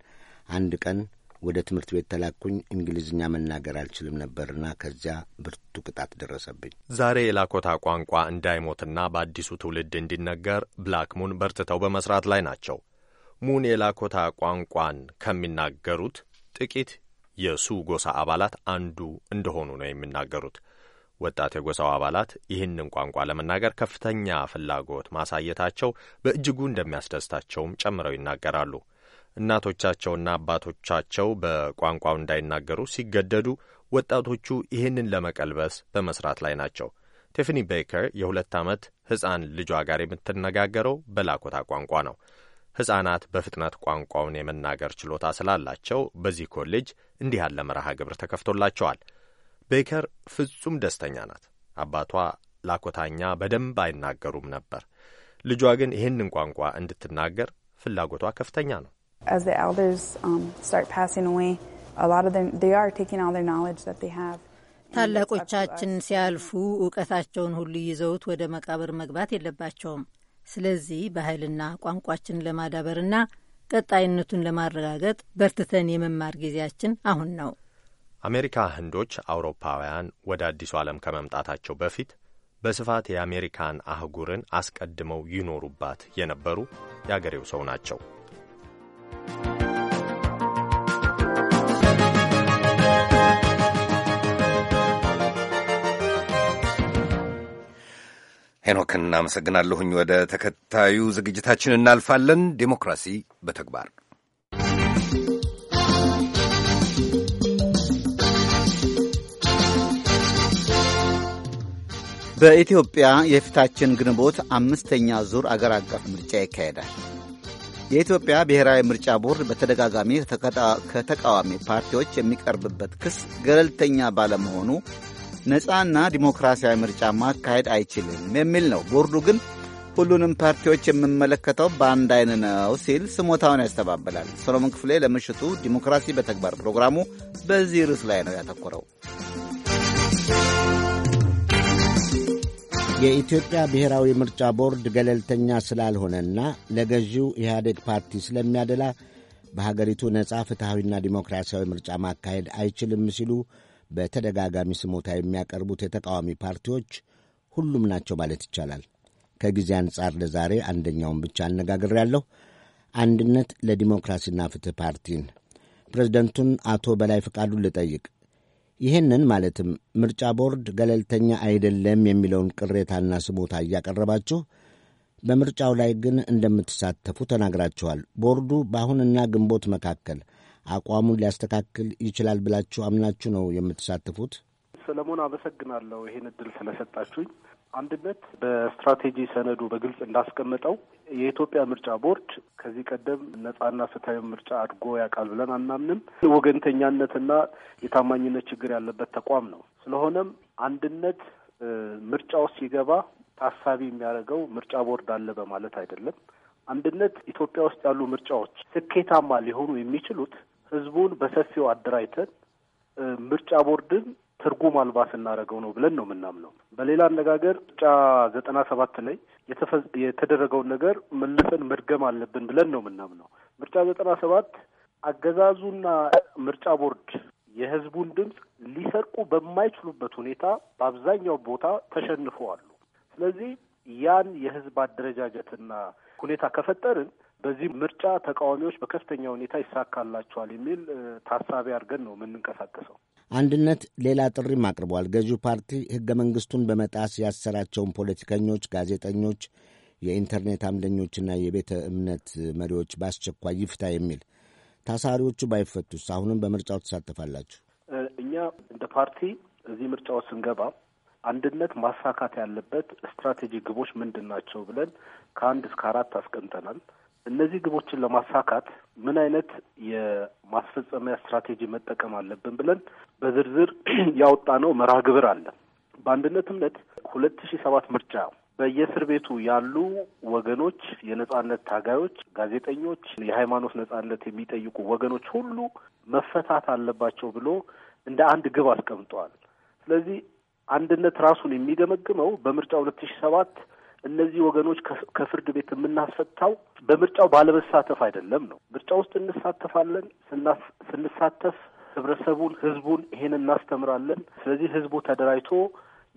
አንድ ቀን ወደ ትምህርት ቤት ተላኩኝ። እንግሊዝኛ መናገር አልችልም ነበርና ከዚያ ብርቱ ቅጣት ደረሰብኝ። ዛሬ የላኮታ ቋንቋ እንዳይሞትና በአዲሱ ትውልድ እንዲነገር ብላክ ሙን በርትተው በመስራት ላይ ናቸው። ሙን የላኮታ ቋንቋን ከሚናገሩት ጥቂት የሱ ጎሳ አባላት አንዱ እንደሆኑ ነው የሚናገሩት። ወጣት የጎሳው አባላት ይህንን ቋንቋ ለመናገር ከፍተኛ ፍላጎት ማሳየታቸው በእጅጉ እንደሚያስደስታቸውም ጨምረው ይናገራሉ። እናቶቻቸውና አባቶቻቸው በቋንቋው እንዳይናገሩ ሲገደዱ ወጣቶቹ ይህንን ለመቀልበስ በመስራት ላይ ናቸው። ቴፍኒ ቤከር የሁለት ዓመት ሕፃን ልጇ ጋር የምትነጋገረው በላኮታ ቋንቋ ነው። ሕፃናት በፍጥነት ቋንቋውን የመናገር ችሎታ ስላላቸው በዚህ ኮሌጅ እንዲህ ያለ መርሃ ግብር ተከፍቶላቸዋል። ቤከር ፍጹም ደስተኛ ናት። አባቷ ላኮታኛ በደንብ አይናገሩም ነበር። ልጇ ግን ይህንን ቋንቋ እንድትናገር ፍላጎቷ ከፍተኛ ነው። um, ታላቆቻችን ሲያልፉ እውቀታቸውን ሁሉ ይዘውት ወደ መቃብር መግባት የለባቸውም። ስለዚህ ባህልና ቋንቋችንን ለማዳበርና ቀጣይነቱን ለማረጋገጥ በርትተን የመማር ጊዜያችን አሁን ነው። አሜሪካ ህንዶች አውሮፓውያን ወደ አዲሱ ዓለም ከመምጣታቸው በፊት በስፋት የአሜሪካን አህጉርን አስቀድመው ይኖሩባት የነበሩ የአገሬው ሰው ናቸው። ሄኖክን እናመሰግናለሁኝ። ወደ ተከታዩ ዝግጅታችን እናልፋለን። ዴሞክራሲ በተግባር በኢትዮጵያ የፊታችን ግንቦት አምስተኛ ዙር አገር አቀፍ ምርጫ ይካሄዳል። የኢትዮጵያ ብሔራዊ ምርጫ ቦርድ በተደጋጋሚ ከተቃዋሚ ፓርቲዎች የሚቀርብበት ክስ ገለልተኛ ባለመሆኑ ነፃና ዲሞክራሲያዊ ምርጫ ማካሄድ አይችልም የሚል ነው። ቦርዱ ግን ሁሉንም ፓርቲዎች የምመለከተው በአንድ አይን ነው ሲል ስሞታውን ያስተባበላል። ሰሎሞን ክፍሌ ለምሽቱ ዲሞክራሲ በተግባር ፕሮግራሙ በዚህ ርዕስ ላይ ነው ያተኮረው። የኢትዮጵያ ብሔራዊ ምርጫ ቦርድ ገለልተኛ ስላልሆነና ለገዢው ኢህአዴግ ፓርቲ ስለሚያደላ በሀገሪቱ ነጻ ፍትሐዊና ዲሞክራሲያዊ ምርጫ ማካሄድ አይችልም ሲሉ በተደጋጋሚ ስሞታ የሚያቀርቡት የተቃዋሚ ፓርቲዎች ሁሉም ናቸው ማለት ይቻላል። ከጊዜ አንጻር ለዛሬ አንደኛውን ብቻ ያለሁ አንድነት ለዲሞክራሲና ፍትህ ፓርቲን ፕሬዝደንቱን አቶ በላይ ፍቃዱን ልጠይቅ። ይህንን ማለትም ምርጫ ቦርድ ገለልተኛ አይደለም የሚለውን ቅሬታና ስሞታ እያቀረባችሁ በምርጫው ላይ ግን እንደምትሳተፉ ተናግራችኋል። ቦርዱ በአሁንና ግንቦት መካከል አቋሙን ሊያስተካክል ይችላል ብላችሁ አምናችሁ ነው የምትሳተፉት? ሰለሞን፣ አመሰግናለሁ ይህን እድል ስለሰጣችሁኝ። አንድነት በስትራቴጂ ሰነዱ በግልጽ እንዳስቀመጠው የኢትዮጵያ ምርጫ ቦርድ ከዚህ ቀደም ነጻና ፍትሐዊ ምርጫ አድጎ ያውቃል ብለን አናምንም። ወገንተኛነትና የታማኝነት ችግር ያለበት ተቋም ነው። ስለሆነም አንድነት ምርጫው ሲገባ ታሳቢ የሚያደርገው ምርጫ ቦርድ አለ በማለት አይደለም። አንድነት ኢትዮጵያ ውስጥ ያሉ ምርጫዎች ስኬታማ ሊሆኑ የሚችሉት ህዝቡን በሰፊው አደራጅተን ምርጫ ቦርድን ትርጉም አልባ ስናደርገው ነው ብለን ነው የምናምነው። በሌላ አነጋገር ምርጫ ዘጠና ሰባት ላይ የተደረገውን ነገር መልሰን መድገም አለብን ብለን ነው የምናምነው። ምርጫ ዘጠና ሰባት አገዛዙና ምርጫ ቦርድ የህዝቡን ድምፅ ሊሰርቁ በማይችሉበት ሁኔታ በአብዛኛው ቦታ ተሸንፈዋሉ። ስለዚህ ያን የህዝብ አደረጃጀትና ሁኔታ ከፈጠርን በዚህ ምርጫ ተቃዋሚዎች በከፍተኛ ሁኔታ ይሳካላቸዋል የሚል ታሳቢ አድርገን ነው የምንንቀሳቀሰው። አንድነት ሌላ ጥሪም አቅርቧል። ገዢው ፓርቲ ሕገ መንግሥቱን በመጣስ ያሰራቸውን ፖለቲከኞች፣ ጋዜጠኞች፣ የኢንተርኔት አምደኞችና የቤተ እምነት መሪዎች በአስቸኳይ ይፍታ የሚል ታሳሪዎቹ ባይፈቱስ አሁንም በምርጫው ትሳተፋላችሁ? እኛ እንደ ፓርቲ እዚህ ምርጫው ስንገባ አንድነት ማሳካት ያለበት ስትራቴጂ ግቦች ምንድን ናቸው ብለን ከአንድ እስከ አራት አስቀምጠናል። እነዚህ ግቦችን ለማሳካት ምን አይነት የማስፈጸሚያ ስትራቴጂ መጠቀም አለብን ብለን በዝርዝር ያወጣነው መርሃ ግብር አለ። በአንድነት እምነት ሁለት ሺ ሰባት ምርጫ በየእስር ቤቱ ያሉ ወገኖች፣ የነጻነት ታጋዮች፣ ጋዜጠኞች፣ የሃይማኖት ነጻነት የሚጠይቁ ወገኖች ሁሉ መፈታት አለባቸው ብሎ እንደ አንድ ግብ አስቀምጠዋል። ስለዚህ አንድነት ራሱን የሚገመግመው በምርጫ ሁለት ሺ ሰባት እነዚህ ወገኖች ከፍርድ ቤት የምናስፈታው በምርጫው ባለመሳተፍ አይደለም ነው። ምርጫ ውስጥ እንሳተፋለን። ስንሳተፍ ህብረተሰቡን፣ ህዝቡን ይሄን እናስተምራለን። ስለዚህ ህዝቡ ተደራጅቶ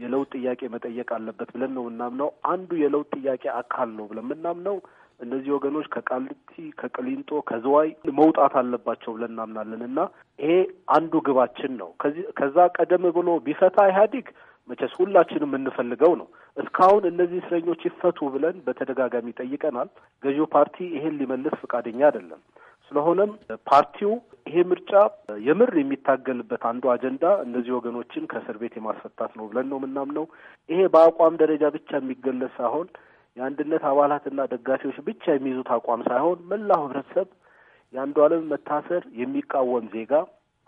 የለውጥ ጥያቄ መጠየቅ አለበት ብለን ነው የምናምነው። አንዱ የለውጥ ጥያቄ አካል ነው ብለን የምናምነው እነዚህ ወገኖች ከቃሊቲ፣ ከቅሊንጦ፣ ከዝዋይ መውጣት አለባቸው ብለን እናምናለን እና ይሄ አንዱ ግባችን ነው። ከዛ ቀደም ብሎ ቢፈታ ኢህአዲግ መቼስ ሁላችንም የምንፈልገው ነው። እስካሁን እነዚህ እስረኞች ይፈቱ ብለን በተደጋጋሚ ጠይቀናል። ገዢው ፓርቲ ይሄን ሊመልስ ፈቃደኛ አይደለም። ስለሆነም ፓርቲው ይሄ ምርጫ የምር የሚታገልበት አንዱ አጀንዳ እነዚህ ወገኖችን ከእስር ቤት የማስፈታት ነው ብለን ነው የምናምነው። ይሄ በአቋም ደረጃ ብቻ የሚገለጽ ሳይሆን የአንድነት አባላትና ደጋፊዎች ብቻ የሚይዙት አቋም ሳይሆን መላው ህብረተሰብ የአንዱ አለም መታሰር የሚቃወም ዜጋ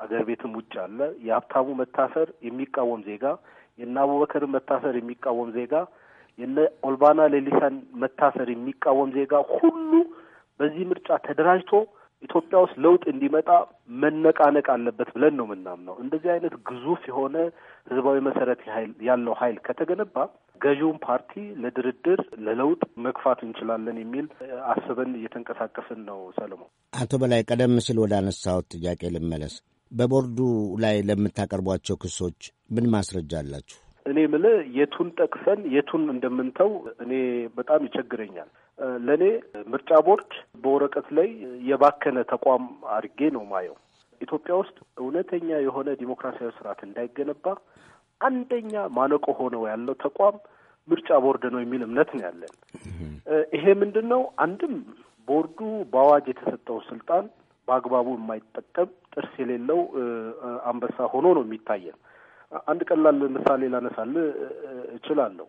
አገር ቤትም ውጭ አለ። የሀብታሙ መታሰር የሚቃወም ዜጋ የነ አቡበከርን መታሰር የሚቃወም ዜጋ፣ የነ ኦልባና ሌሊሳን መታሰር የሚቃወም ዜጋ ሁሉ በዚህ ምርጫ ተደራጅቶ ኢትዮጵያ ውስጥ ለውጥ እንዲመጣ መነቃነቅ አለበት ብለን ነው የምናምነው። እንደዚህ አይነት ግዙፍ የሆነ ህዝባዊ መሰረት ያለው ኃይል ከተገነባ ገዢውን ፓርቲ ለድርድር ለለውጥ መግፋት እንችላለን የሚል አስበን እየተንቀሳቀስን ነው። ሰለሞን፣ አቶ በላይ ቀደም ሲል ወደ አነሳሁት ጥያቄ ልመለስ። በቦርዱ ላይ ለምታቀርቧቸው ክሶች ምን ማስረጃ አላችሁ? እኔ ምል የቱን ጠቅሰን የቱን እንደምንተው እኔ በጣም ይቸግረኛል። ለእኔ ምርጫ ቦርድ በወረቀት ላይ የባከነ ተቋም አድርጌ ነው ማየው። ኢትዮጵያ ውስጥ እውነተኛ የሆነ ዲሞክራሲያዊ ስርዓት እንዳይገነባ አንደኛ ማነቆ ሆነው ያለው ተቋም ምርጫ ቦርድ ነው የሚል እምነት ነው ያለን። ይሄ ምንድን ነው? አንድም ቦርዱ በአዋጅ የተሰጠውን ስልጣን በአግባቡ የማይጠቀም ጥርስ የሌለው አንበሳ ሆኖ ነው የሚታየን። አንድ ቀላል ምሳሌ ላነሳል እችላለሁ።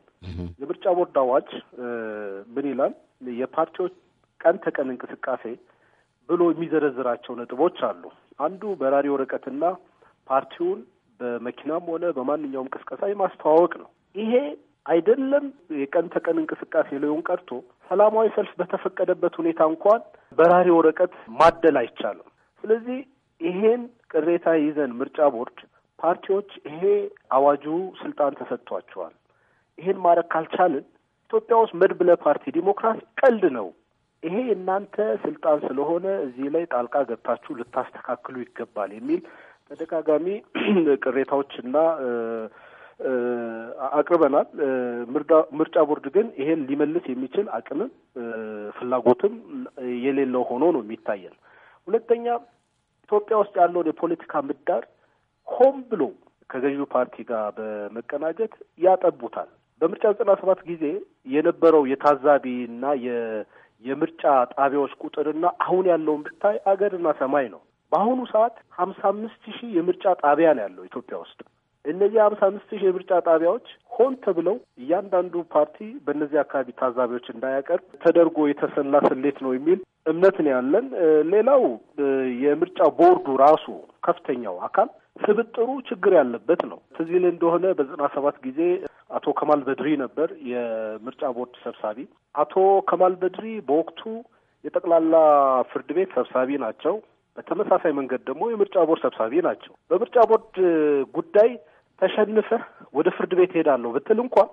የምርጫ ቦርድ አዋጅ ምን ይላል? የፓርቲዎች ቀን ተቀን እንቅስቃሴ ብሎ የሚዘረዝራቸው ነጥቦች አሉ። አንዱ በራሪ ወረቀትና ፓርቲውን በመኪናም ሆነ በማንኛውም ቅስቀሳ የማስተዋወቅ ነው። ይሄ አይደለም የቀን ተቀን እንቅስቃሴ ላይሆን ቀርቶ ሰላማዊ ሰልፍ በተፈቀደበት ሁኔታ እንኳን በራሪ ወረቀት ማደል አይቻልም። ስለዚህ ይሄን ቅሬታ ይዘን ምርጫ ቦርድ ፓርቲዎች ይሄ አዋጁ ስልጣን ተሰጥቷቸዋል፣ ይሄን ማድረግ ካልቻልን ኢትዮጵያ ውስጥ መድብለ ፓርቲ ዲሞክራሲ ቀልድ ነው። ይሄ የእናንተ ስልጣን ስለሆነ እዚህ ላይ ጣልቃ ገብታችሁ ልታስተካክሉ ይገባል የሚል ተደጋጋሚ ቅሬታዎችና አቅርበናል። ምርጫ ቦርድ ግን ይሄን ሊመልስ የሚችል አቅምም ፍላጎትም የሌለው ሆኖ ነው የሚታየን። ሁለተኛ ኢትዮጵያ ውስጥ ያለውን የፖለቲካ ምህዳር ሆን ብሎ ከገዢው ፓርቲ ጋር በመቀናጀት ያጠቡታል። በምርጫ ዘጠና ሰባት ጊዜ የነበረው የታዛቢና የምርጫ ጣቢያዎች ቁጥርና አሁን ያለውን ብታይ አገርና ሰማይ ነው። በአሁኑ ሰዓት ሀምሳ አምስት ሺህ የምርጫ ጣቢያ ነው ያለው ኢትዮጵያ ውስጥ እነዚህ ሀምሳ አምስት ሺህ የምርጫ ጣቢያዎች ሆን ተብለው እያንዳንዱ ፓርቲ በእነዚህ አካባቢ ታዛቢዎች እንዳያቀርብ ተደርጎ የተሰላ ስሌት ነው የሚል እምነት ነው ያለን። ሌላው የምርጫ ቦርዱ ራሱ ከፍተኛው አካል ስብጥሩ ችግር ያለበት ነው። ትዝ ይል እንደሆነ በዘጠና ሰባት ጊዜ አቶ ከማል በድሪ ነበር የምርጫ ቦርድ ሰብሳቢ። አቶ ከማል በድሪ በወቅቱ የጠቅላላ ፍርድ ቤት ሰብሳቢ ናቸው። በተመሳሳይ መንገድ ደግሞ የምርጫ ቦርድ ሰብሳቢ ናቸው። በምርጫ ቦርድ ጉዳይ ተሸንፈህ ወደ ፍርድ ቤት ሄዳለሁ ብትል እንኳን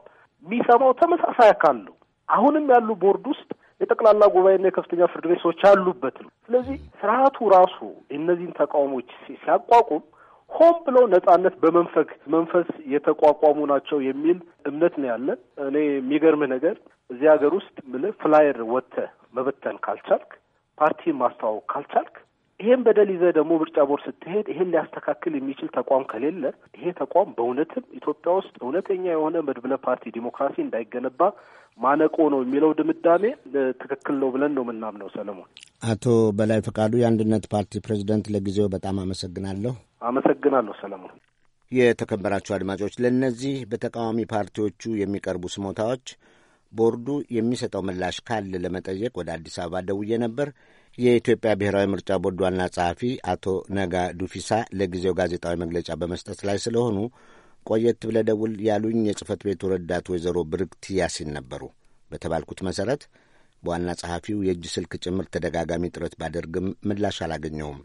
የሚሰማው ተመሳሳይ አካል ነው። አሁንም ያሉ ቦርድ ውስጥ የጠቅላላ ጉባኤና የከፍተኛ ፍርድ ቤት ሰዎች ያሉበት ነው። ስለዚህ ስርዓቱ ራሱ እነዚህን ተቃውሞች ሲያቋቁም ሆን ብለው ነጻነት በመንፈግ መንፈስ የተቋቋሙ ናቸው የሚል እምነት ነው ያለን። እኔ የሚገርምህ ነገር እዚህ ሀገር ውስጥ ምልህ ፍላየር ወጥተህ መበተን ካልቻልክ፣ ፓርቲ ማስተዋወቅ ካልቻልክ ይሄን በደል ይዘህ ደግሞ ምርጫ ቦርድ ስትሄድ ይሄን ሊያስተካክል የሚችል ተቋም ከሌለ ይሄ ተቋም በእውነትም ኢትዮጵያ ውስጥ እውነተኛ የሆነ መድብለ ፓርቲ ዲሞክራሲ እንዳይገነባ ማነቆ ነው የሚለው ድምዳሜ ትክክል ነው ብለን ነው የምናምነው። ሰለሞን። አቶ በላይ ፈቃዱ የአንድነት ፓርቲ ፕሬዚደንት፣ ለጊዜው በጣም አመሰግናለሁ። አመሰግናለሁ ሰለሞን። የተከበራችሁ አድማጮች፣ ለእነዚህ በተቃዋሚ ፓርቲዎቹ የሚቀርቡ ስሞታዎች ቦርዱ የሚሰጠው ምላሽ ካለ ለመጠየቅ ወደ አዲስ አበባ ደውዬ ነበር። የኢትዮጵያ ብሔራዊ ምርጫ ቦርድ ዋና ጸሐፊ አቶ ነጋ ዱፊሳ ለጊዜው ጋዜጣዊ መግለጫ በመስጠት ላይ ስለሆኑ ቆየት ብለ ደውል ያሉኝ የጽህፈት ቤቱ ረዳት ወይዘሮ ብርክት ያሲን ነበሩ። በተባልኩት መሰረት በዋና ጸሐፊው የእጅ ስልክ ጭምር ተደጋጋሚ ጥረት ባደርግም ምላሽ አላገኘውም።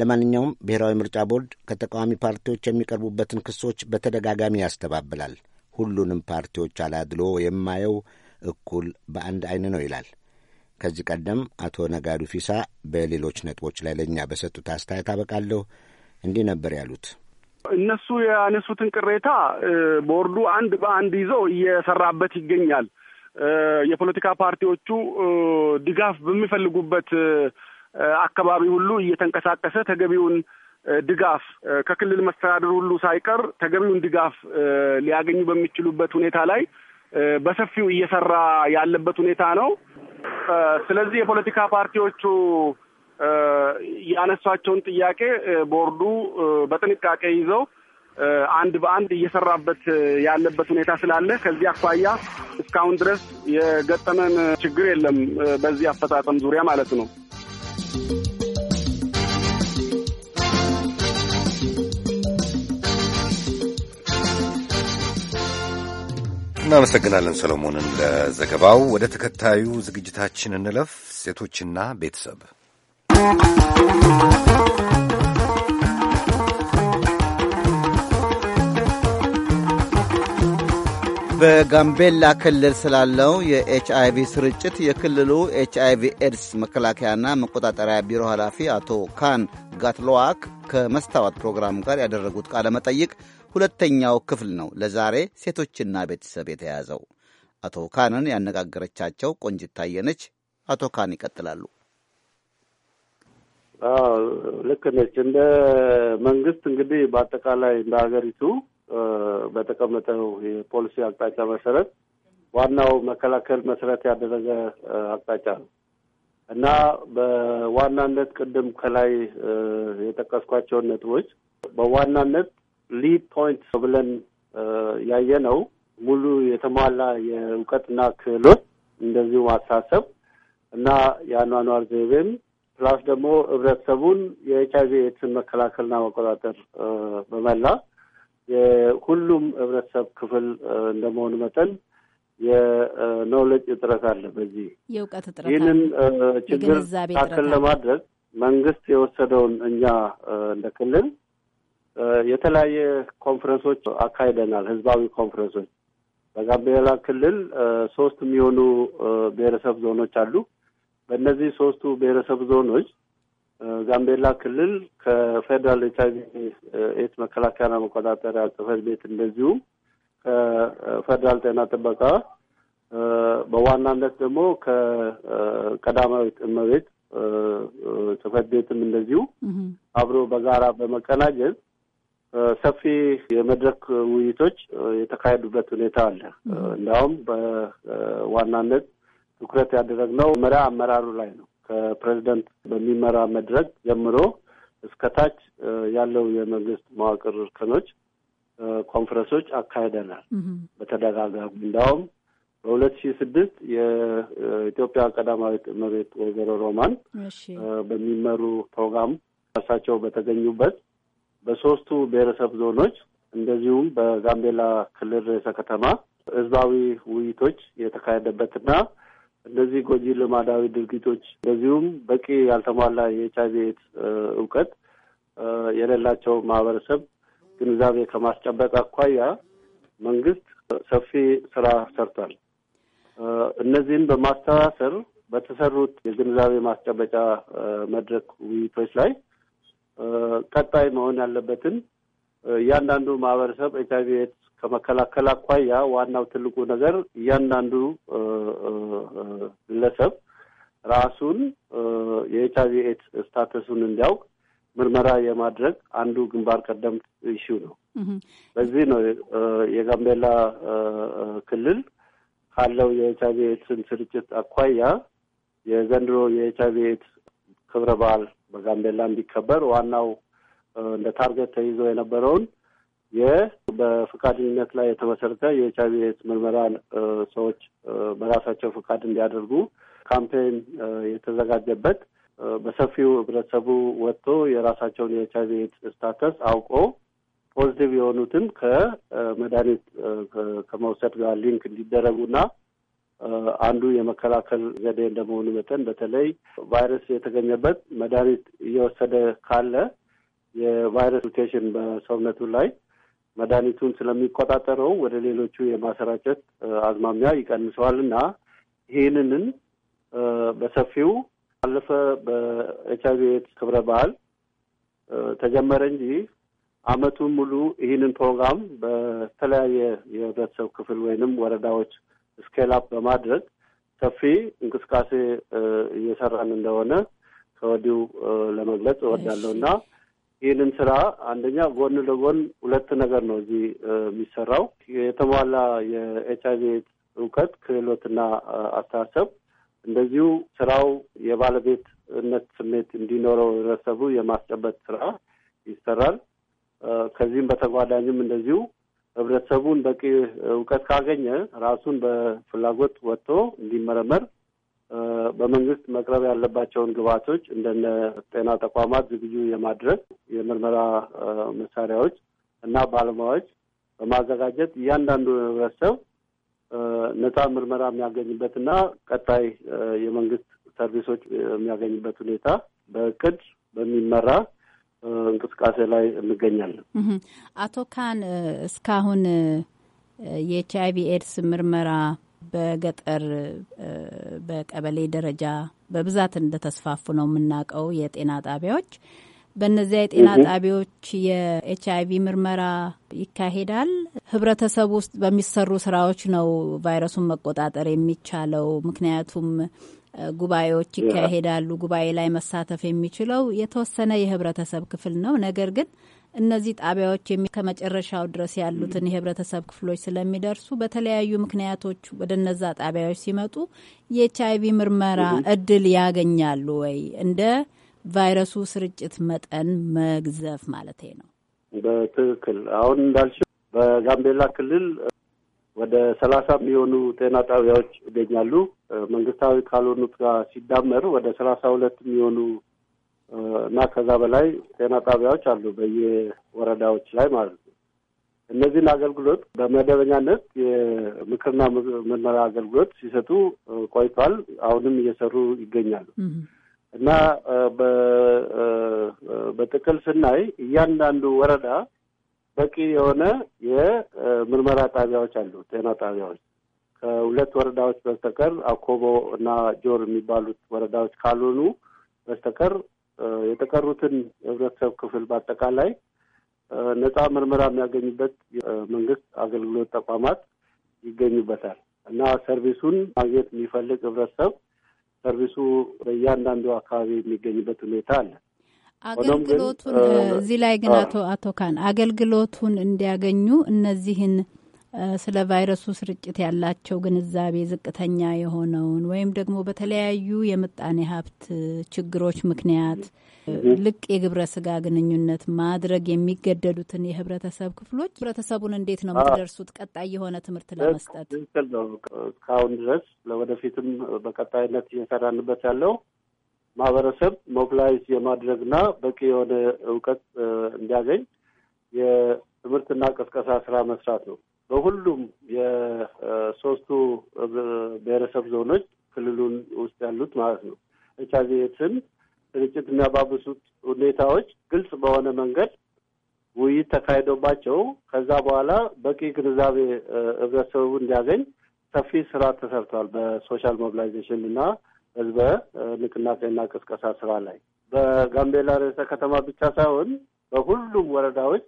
ለማንኛውም ብሔራዊ ምርጫ ቦርድ ከተቃዋሚ ፓርቲዎች የሚቀርቡበትን ክሶች በተደጋጋሚ ያስተባብላል። ሁሉንም ፓርቲዎች አላድሎ የማየው እኩል በአንድ አይን ነው ይላል። ከዚህ ቀደም አቶ ነጋዱ ፊሳ በሌሎች ነጥቦች ላይ ለእኛ በሰጡት አስተያየት አበቃለሁ። እንዲህ ነበር ያሉት። እነሱ ያነሱትን ቅሬታ ቦርዱ አንድ በአንድ ይዞ እየሰራበት ይገኛል። የፖለቲካ ፓርቲዎቹ ድጋፍ በሚፈልጉበት አካባቢ ሁሉ እየተንቀሳቀሰ ተገቢውን ድጋፍ ከክልል መስተዳደር ሁሉ ሳይቀር ተገቢውን ድጋፍ ሊያገኙ በሚችሉበት ሁኔታ ላይ በሰፊው እየሰራ ያለበት ሁኔታ ነው። ስለዚህ የፖለቲካ ፓርቲዎቹ ያነሷቸውን ጥያቄ ቦርዱ በጥንቃቄ ይዘው አንድ በአንድ እየሰራበት ያለበት ሁኔታ ስላለ ከዚህ አኳያ እስካሁን ድረስ የገጠመን ችግር የለም፣ በዚህ አፈጻጸም ዙሪያ ማለት ነው። እናመሰግናለን ሰሎሞንን ለዘገባው። ወደ ተከታዩ ዝግጅታችን እንለፍ። ሴቶችና ቤተሰብ በጋምቤላ ክልል ስላለው የኤች አይ ቪ ስርጭት የክልሉ ኤች አይ ቪ ኤድስ መከላከያና መቆጣጠሪያ ቢሮ ኃላፊ አቶ ካን ጋትሎዋክ ከመስታወት ፕሮግራም ጋር ያደረጉት ቃለ መጠይቅ ሁለተኛው ክፍል ነው ለዛሬ ሴቶችና ቤተሰብ የተያዘው። አቶ ካንን ያነጋገረቻቸው ቆንጅት ታየነች። አቶ ካን ይቀጥላሉ። ልክ ነች። እንደ መንግስት እንግዲህ በአጠቃላይ እንደ ሀገሪቱ በተቀመጠው የፖሊሲ አቅጣጫ መሰረት ዋናው መከላከል መሰረት ያደረገ አቅጣጫ ነው እና በዋናነት ቅድም ከላይ የጠቀስኳቸውን ነጥቦች በዋናነት ሊድ ፖይንት ብለን ነው ሙሉ የተሟላ የእውቀትና ክህሎት እንደዚሁ ማሳሰብ እና የአኗኗር ዘይቤም ፕላስ ደግሞ ህብረተሰቡን የኤች አይቪ ኤድስን መከላከልና መቆጣጠር በመላ የሁሉም ህብረተሰብ ክፍል እንደመሆኑ መጠን የኖውለጅ እጥረት አለ። በዚህ የእውቀት እጥረት ይህንን ችግር ታክል ለማድረግ መንግስት የወሰደውን እኛ እንደ ክልል የተለያየ ኮንፈረንሶች አካሂደናል። ህዝባዊ ኮንፈረንሶች በጋምቤላ ክልል ሶስት የሚሆኑ ብሔረሰብ ዞኖች አሉ። በእነዚህ ሶስቱ ብሔረሰብ ዞኖች ጋምቤላ ክልል ከፌዴራል ኤች አይቪ ኤድስ መከላከያና መቆጣጠሪያ ጽህፈት ቤት እንደዚሁም ከፌዴራል ጤና ጥበቃ በዋናነት ደግሞ ከቀዳማዊት እመቤት ጽህፈት ቤትም እንደዚሁ አብሮ በጋራ በመቀናጀት ሰፊ የመድረክ ውይይቶች የተካሄዱበት ሁኔታ አለ። እንዲያውም በዋናነት ትኩረት ያደረግነው መሪያ አመራሩ ላይ ነው። ከፕሬዚደንት በሚመራ መድረክ ጀምሮ እስከ ታች ያለው የመንግስት መዋቅር እርከኖች ኮንፈረንሶች አካሄደናል በተደጋጋሚ እንዲያውም በሁለት ሺህ ስድስት የኢትዮጵያ ቀዳማዊት እመቤት ወይዘሮ ሮማን በሚመሩ ፕሮግራም እራሳቸው በተገኙበት በሶስቱ ብሔረሰብ ዞኖች እንደዚሁም በጋምቤላ ክልል ርዕሰ ከተማ ህዝባዊ ውይይቶች የተካሄደበትና እንደዚህ ጎጂ ልማዳዊ ድርጊቶች እንደዚሁም በቂ ያልተሟላ የኤች አይቪ ኤድስ እውቀት የሌላቸው ማህበረሰብ ግንዛቤ ከማስጨበጥ አኳያ መንግስት ሰፊ ስራ ሰርቷል። እነዚህን በማስተሳሰር በተሰሩት የግንዛቤ ማስጨበጫ መድረክ ውይይቶች ላይ ቀጣይ መሆን ያለበትን እያንዳንዱ ማህበረሰብ ኤች አይቪ ኤድስ ከመከላከል አኳያ ዋናው ትልቁ ነገር እያንዳንዱ ግለሰብ ራሱን የኤች አይቪ ኤድስ ስታተሱን እንዲያውቅ ምርመራ የማድረግ አንዱ ግንባር ቀደም ኢሹ ነው። በዚህ ነው የጋምቤላ ክልል ካለው የኤች አይቪ ኤድስን ስርጭት አኳያ የዘንድሮ የኤች አይቪ ኤድስ ክብረ በዓል በጋምቤላ እንዲከበር ዋናው እንደ ታርጌት ተይዞ የነበረውን በፈቃደኝነት ላይ የተመሰረተ የኤች አይቪ ኤድስ ምርመራ ሰዎች በራሳቸው ፍቃድ እንዲያደርጉ ካምፔን የተዘጋጀበት በሰፊው ህብረተሰቡ ወጥቶ የራሳቸውን የኤች አይቪ ኤድስ ስታተስ አውቆ ፖዚቲቭ የሆኑትን ከመድኃኒት ከመውሰድ ጋር ሊንክ እንዲደረጉና አንዱ የመከላከል ዘዴ እንደመሆኑ መጠን በተለይ ቫይረስ የተገኘበት መድኃኒት እየወሰደ ካለ የቫይረስ ሙቴሽን በሰውነቱ ላይ መድኃኒቱን ስለሚቆጣጠረው ወደ ሌሎቹ የማሰራጨት አዝማሚያ ይቀንሰዋል እና ይህንንን በሰፊው ባለፈ በኤች አይቪ ኤድስ ክብረ በዓል ተጀመረ እንጂ አመቱን ሙሉ ይህንን ፕሮግራም በተለያየ የህብረተሰብ ክፍል ወይንም ወረዳዎች ስኬል አፕ በማድረግ ሰፊ እንቅስቃሴ እየሰራን እንደሆነ ከወዲሁ ለመግለጽ እወዳለሁ እና ይህንን ስራ አንደኛ ጎን ለጎን ሁለት ነገር ነው እዚህ የሚሰራው የተሟላ የኤች አይቪ እውቀት ክህሎትና አስተሳሰብ እንደዚሁ ስራው የባለቤትነት ስሜት እንዲኖረው ህብረተሰቡ የማስጨበጥ ስራ ይሰራል። ከዚህም በተጓዳኝም እንደዚሁ ህብረተሰቡን በቂ እውቀት ካገኘ ራሱን በፍላጎት ወጥቶ እንዲመረመር በመንግስት መቅረብ ያለባቸውን ግብዓቶች እንደነ ጤና ተቋማት ዝግጁ የማድረግ የምርመራ መሳሪያዎች እና ባለሙያዎች በማዘጋጀት እያንዳንዱ ህብረተሰብ ነፃ ምርመራ የሚያገኝበትና ቀጣይ የመንግስት ሰርቪሶች የሚያገኝበት ሁኔታ በእቅድ በሚመራ እንቅስቃሴ ላይ እንገኛለን። አቶ ካን እስካሁን የኤች አይቪ ኤድስ ምርመራ በገጠር በቀበሌ ደረጃ በብዛት እንደተስፋፉ ነው የምናውቀው የጤና ጣቢያዎች። በእነዚያ የጤና ጣቢያዎች የኤች አይቪ ምርመራ ይካሄዳል። ህብረተሰብ ውስጥ በሚሰሩ ስራዎች ነው ቫይረሱን መቆጣጠር የሚቻለው። ምክንያቱም ጉባኤዎች ይካሄዳሉ። ጉባኤ ላይ መሳተፍ የሚችለው የተወሰነ የህብረተሰብ ክፍል ነው። ነገር ግን እነዚህ ጣቢያዎች ከመጨረሻው ድረስ ያሉትን የህብረተሰብ ክፍሎች ስለሚደርሱ በተለያዩ ምክንያቶች ወደ እነዛ ጣቢያዎች ሲመጡ የኤች አይቪ ምርመራ እድል ያገኛሉ ወይ? እንደ ቫይረሱ ስርጭት መጠን መግዘፍ ማለት ነው። በትክክል አሁን እንዳልሽ በጋምቤላ ክልል ወደ ሰላሳ የሚሆኑ ጤና ጣቢያዎች ይገኛሉ። መንግስታዊ ካልሆኑት ጋር ሲዳመር ወደ ሰላሳ ሁለት የሚሆኑ እና ከዛ በላይ ጤና ጣቢያዎች አሉ በየወረዳዎች ላይ ማለት ነው። እነዚህን አገልግሎት በመደበኛነት የምክርና ምርመራ አገልግሎት ሲሰጡ ቆይቷል። አሁንም እየሰሩ ይገኛሉ እና በጥቅል ስናይ እያንዳንዱ ወረዳ በቂ የሆነ የምርመራ ጣቢያዎች አሉ፣ ጤና ጣቢያዎች ከሁለት ወረዳዎች በስተቀር አኮቦ እና ጆር የሚባሉት ወረዳዎች ካልሆኑ በስተቀር የተቀሩትን ህብረተሰብ ክፍል በአጠቃላይ ነፃ ምርመራ የሚያገኙበት የመንግስት አገልግሎት ተቋማት ይገኙበታል እና ሰርቪሱን ማግኘት የሚፈልግ ህብረተሰብ ሰርቪሱ በእያንዳንዱ አካባቢ የሚገኝበት ሁኔታ አለ። አገልግሎቱን እዚህ ላይ ግን አቶ አቶ ካን አገልግሎቱን እንዲያገኙ እነዚህን ስለ ቫይረሱ ስርጭት ያላቸው ግንዛቤ ዝቅተኛ የሆነውን ወይም ደግሞ በተለያዩ የምጣኔ ሀብት ችግሮች ምክንያት ልቅ የግብረ ስጋ ግንኙነት ማድረግ የሚገደዱትን የህብረተሰብ ክፍሎች ህብረተሰቡን እንዴት ነው የምትደርሱት? ቀጣይ የሆነ ትምህርት ለመስጠት ትክክል ነው። እስካሁን ድረስ ለወደፊትም በቀጣይነት እየሰራንበት ያለው ማህበረሰብ ሞብላይዝ የማድረግና በቂ የሆነ እውቀት እንዲያገኝ የትምህርትና ቀስቀሳ ስራ መስራት ነው። በሁሉም የሶስቱ ብሔረሰብ ዞኖች ክልሉን ውስጥ ያሉት ማለት ነው ኤች አይቪ ኤድስን ስርጭት የሚያባብሱት ሁኔታዎች ግልጽ በሆነ መንገድ ውይይት ተካሂዶባቸው ከዛ በኋላ በቂ ግንዛቤ ህብረተሰቡ እንዲያገኝ ሰፊ ስራ ተሰርቷል። በሶሻል ሞቢላይዜሽን እና ህዝበ ንቅናቄና ቅስቀሳ ስራ ላይ በጋምቤላ ርዕሰ ከተማ ብቻ ሳይሆን በሁሉም ወረዳዎች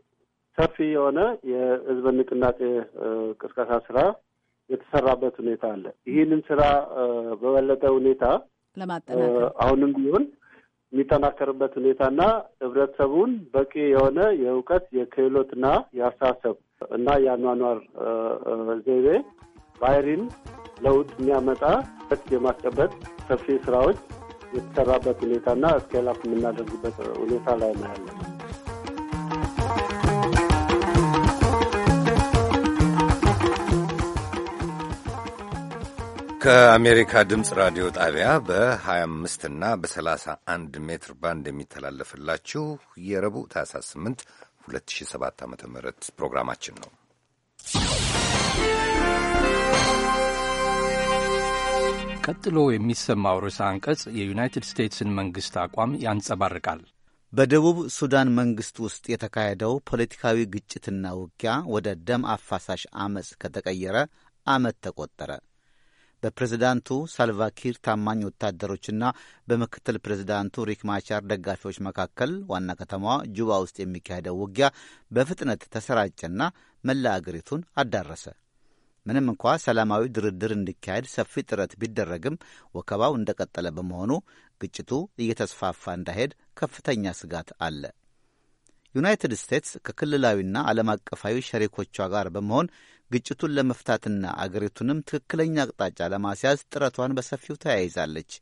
ሰፊ የሆነ የህዝብ ንቅናቄ ቅስቀሳ ስራ የተሰራበት ሁኔታ አለ። ይህንን ስራ በበለጠ ሁኔታ ለማጠናከር አሁንም ቢሆን የሚጠናከርበት ሁኔታና ህብረተሰቡን በቂ የሆነ የእውቀት የክህሎትና የአስተሳሰብ እና የአኗኗር ዘይቤ ባህሪን ለውጥ የሚያመጣ የማስጨበጥ ሰፊ ስራዎች የተሰራበት ሁኔታና እስኬል የምናደርግበት ሁኔታ ላይ ነው ከአሜሪካ ድምፅ ራዲዮ ጣቢያ በ25 እና በ31 ሜትር ባንድ የሚተላለፍላችሁ የረቡዕ ታህሳስ 8 2007 ዓ ም ፕሮግራማችን ነው። ቀጥሎ የሚሰማው ርዕሰ አንቀጽ የዩናይትድ ስቴትስን መንግሥት አቋም ያንጸባርቃል። በደቡብ ሱዳን መንግሥት ውስጥ የተካሄደው ፖለቲካዊ ግጭትና ውጊያ ወደ ደም አፋሳሽ አመፅ ከተቀየረ ዓመት ተቆጠረ። በፕሬዝዳንቱ ሳልቫኪር ታማኝ ወታደሮችና በምክትል ፕሬዝዳንቱ ሪክ ማቻር ደጋፊዎች መካከል ዋና ከተማዋ ጁባ ውስጥ የሚካሄደው ውጊያ በፍጥነት ተሰራጨና መላ አገሪቱን አዳረሰ። ምንም እንኳ ሰላማዊ ድርድር እንዲካሄድ ሰፊ ጥረት ቢደረግም ወከባው እንደቀጠለ በመሆኑ ግጭቱ እየተስፋፋ እንዳይሄድ ከፍተኛ ስጋት አለ። ዩናይትድ ስቴትስ ከክልላዊና ዓለም አቀፋዊ ሸሪኮቿ ጋር በመሆን ግጭቱን ለመፍታትና አገሪቱንም ትክክለኛ አቅጣጫ ለማስያዝ ጥረቷን በሰፊው ተያይዛለች።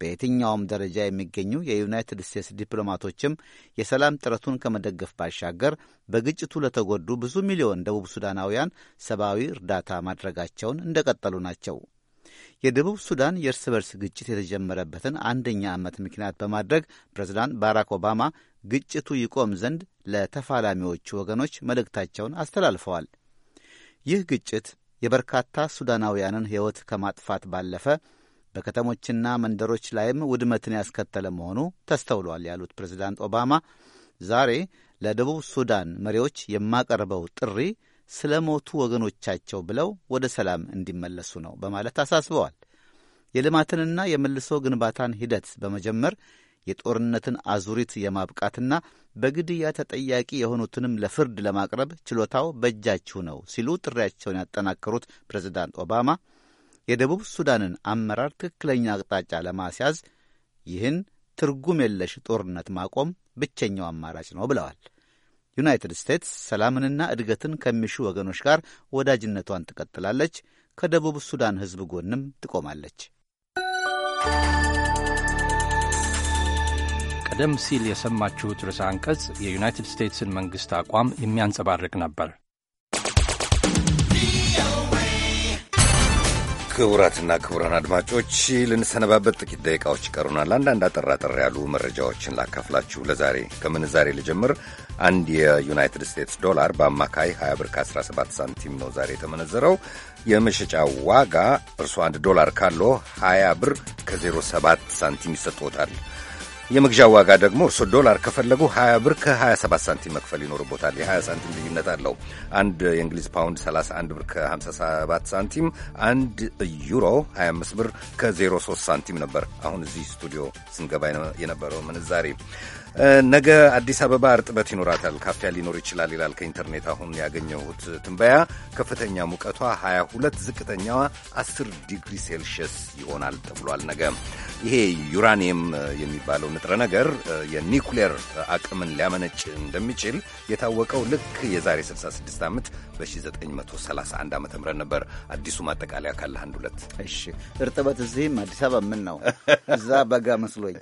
በየትኛውም ደረጃ የሚገኙ የዩናይትድ ስቴትስ ዲፕሎማቶችም የሰላም ጥረቱን ከመደገፍ ባሻገር በግጭቱ ለተጎዱ ብዙ ሚሊዮን ደቡብ ሱዳናውያን ሰብአዊ እርዳታ ማድረጋቸውን እንደቀጠሉ ናቸው። የደቡብ ሱዳን የእርስ በርስ ግጭት የተጀመረበትን አንደኛ ዓመት ምክንያት በማድረግ ፕሬዝዳንት ባራክ ኦባማ ግጭቱ ይቆም ዘንድ ለተፋላሚዎቹ ወገኖች መልእክታቸውን አስተላልፈዋል። ይህ ግጭት የበርካታ ሱዳናውያንን ሕይወት ከማጥፋት ባለፈ በከተሞችና መንደሮች ላይም ውድመትን ያስከተለ መሆኑ ተስተውሏል ያሉት ፕሬዚዳንት ኦባማ ዛሬ ለደቡብ ሱዳን መሪዎች የማቀርበው ጥሪ ስለ ሞቱ ወገኖቻቸው ብለው ወደ ሰላም እንዲመለሱ ነው በማለት አሳስበዋል። የልማትንና የመልሶ ግንባታን ሂደት በመጀመር የጦርነትን አዙሪት የማብቃትና በግድያ ተጠያቂ የሆኑትንም ለፍርድ ለማቅረብ ችሎታው በእጃችሁ ነው ሲሉ ጥሪያቸውን ያጠናከሩት ፕሬዝዳንት ኦባማ የደቡብ ሱዳንን አመራር ትክክለኛ አቅጣጫ ለማስያዝ ይህን ትርጉም የለሽ ጦርነት ማቆም ብቸኛው አማራጭ ነው ብለዋል። ዩናይትድ ስቴትስ ሰላምንና እድገትን ከሚሹ ወገኖች ጋር ወዳጅነቷን ትቀጥላለች፣ ከደቡብ ሱዳን ሕዝብ ጎንም ትቆማለች። ቀደም ሲል የሰማችሁት ርዕሰ አንቀጽ የዩናይትድ ስቴትስን መንግሥት አቋም የሚያንጸባርቅ ነበር። ክቡራትና ክቡራን አድማጮች ልንሰነባበት ጥቂት ደቂቃዎች ይቀሩናል። አንዳንድ አጠራጠር ያሉ መረጃዎችን ላካፍላችሁ። ለዛሬ ከምንዛሬ ልጀምር። አንድ የዩናይትድ ስቴትስ ዶላር በአማካይ 20 ብር ከ17 ሳንቲም ነው ዛሬ የተመነዘረው። የመሸጫ ዋጋ እርሶ 1 ዶላር ካለው 20 ብር ከ07 ሳንቲም ይሰጥዎታል። የመግዣ ዋጋ ደግሞ እርሶ ዶላር ከፈለጉ 20 ብር ከ27 ሳንቲም መክፈል ይኖርቦታል። የ20 ሳንቲም ልዩነት አለው። አንድ የእንግሊዝ ፓውንድ 31 ብር ከ57 ሳንቲም፣ አንድ ዩሮ 25 ብር ከ03 ሳንቲም ነበር። አሁን እዚህ ስቱዲዮ ስንገባ የነበረው ምንዛሬ ነገ አዲስ አበባ እርጥበት ይኖራታል፣ ካፊያ ሊኖር ይችላል ይላል ከኢንተርኔት አሁን ያገኘሁት ትንበያ። ከፍተኛ ሙቀቷ 22፣ ዝቅተኛዋ 10 ዲግሪ ሴልሽየስ ይሆናል ተብሏል። ነገ ይሄ ዩራኒየም የሚባለው ንጥረ ነገር የኒኩሌር አቅምን ሊያመነጭ እንደሚችል የታወቀው ልክ የዛሬ 66 ዓመት በ1931 ዓ ም ነበር። አዲሱ ማጠቃለያ ካለ አንድ ሁለት። እሺ እርጥበት እዚህም አዲስ አበባ ምን ነው እዛ በጋ መስሎኝ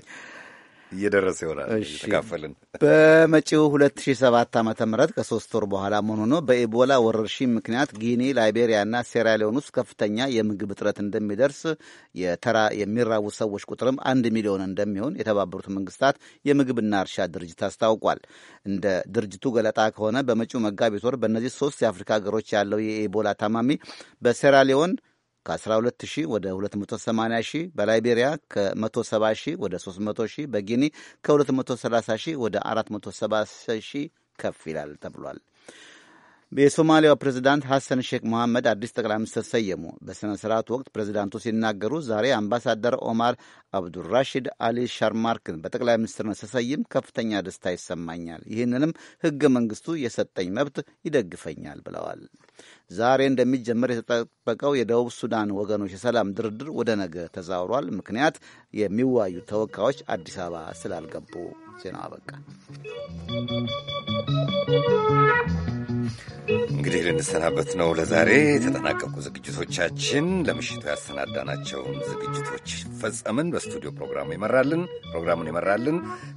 እየደረሰ ይሆናል ካፈልን በመጪው 2007 ዓ ም ከሶስት ወር በኋላ መሆኑ ነው። በኢቦላ ወረርሽኝ ምክንያት ጊኒ፣ ላይቤሪያና ሴራሊዮን ውስጥ ከፍተኛ የምግብ እጥረት እንደሚደርስ የተራ የሚራቡ ሰዎች ቁጥርም አንድ ሚሊዮን እንደሚሆን የተባበሩት መንግስታት የምግብና እርሻ ድርጅት አስታውቋል። እንደ ድርጅቱ ገለጣ ከሆነ በመጪው መጋቢት ወር በእነዚህ ሶስት የአፍሪካ ሀገሮች ያለው የኢቦላ ታማሚ በሴራሊዮን ከ12 ወደ 280 ሺህ፣ በላይቤሪያ ከ170 ሺህ ወደ 300 ሺህ፣ በጊኒ ከ230 ሺህ ወደ 470 ሺህ ከፍ ይላል ተብሏል። የሶማሊያው ፕሬዚዳንት ሐሰን ሼክ መሐመድ አዲስ ጠቅላይ ሚኒስትር ሰየሙ። በሥነ ሥርዓት ወቅት ፕሬዚዳንቱ ሲናገሩ ዛሬ አምባሳደር ኦማር አብዱራሺድ አሊ ሻርማርክን በጠቅላይ ሚኒስትርነት ስሰይም ከፍተኛ ደስታ ይሰማኛል፣ ይህንንም ሕገ መንግሥቱ የሰጠኝ መብት ይደግፈኛል ብለዋል። ዛሬ እንደሚጀመር የተጠበቀው የደቡብ ሱዳን ወገኖች የሰላም ድርድር ወደ ነገ ተዛውሯል። ምክንያት የሚዋዩ ተወካዮች አዲስ አበባ ስላልገቡ። ዜናው አበቃ። እንግዲህ ልንሰናበት ነው። ለዛሬ የተጠናቀቁ ዝግጅቶቻችን ለምሽቱ ያሰናዳናቸውን ዝግጅቶች ፈጸምን። በስቱዲዮ ፕሮግራሙ ይመራልን ፕሮግራሙን ይመራልን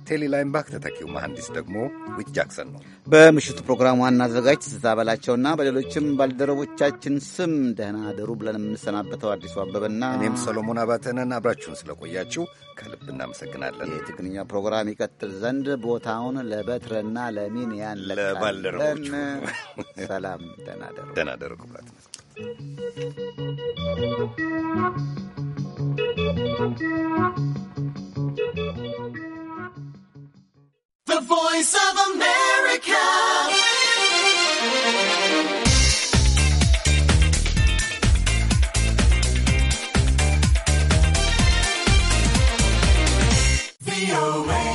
ቴሌ ላይምባክ፣ ተተኪው መሐንዲስ ደግሞ ዊት ጃክሰን ነው። በምሽቱ ፕሮግራም ዋና አዘጋጅ ትዝታ በላቸውና በሌሎችም ባልደረቦቻችን ስም ደህና አደሩ ብለን የምንሰናበተው አዲሱ አበበና እኔም ሰሎሞን አባተነን አብራችሁን ስለቆያችሁ ከልብ እናመሰግናለን። የትግርኛ ፕሮግራም ይቀጥል ዘንድ ቦታውን ለበትረና ለሚንያን ለባልደረቦች ሰላም ደናደሩ ደናደሩ ክብራት The voice of America VOA.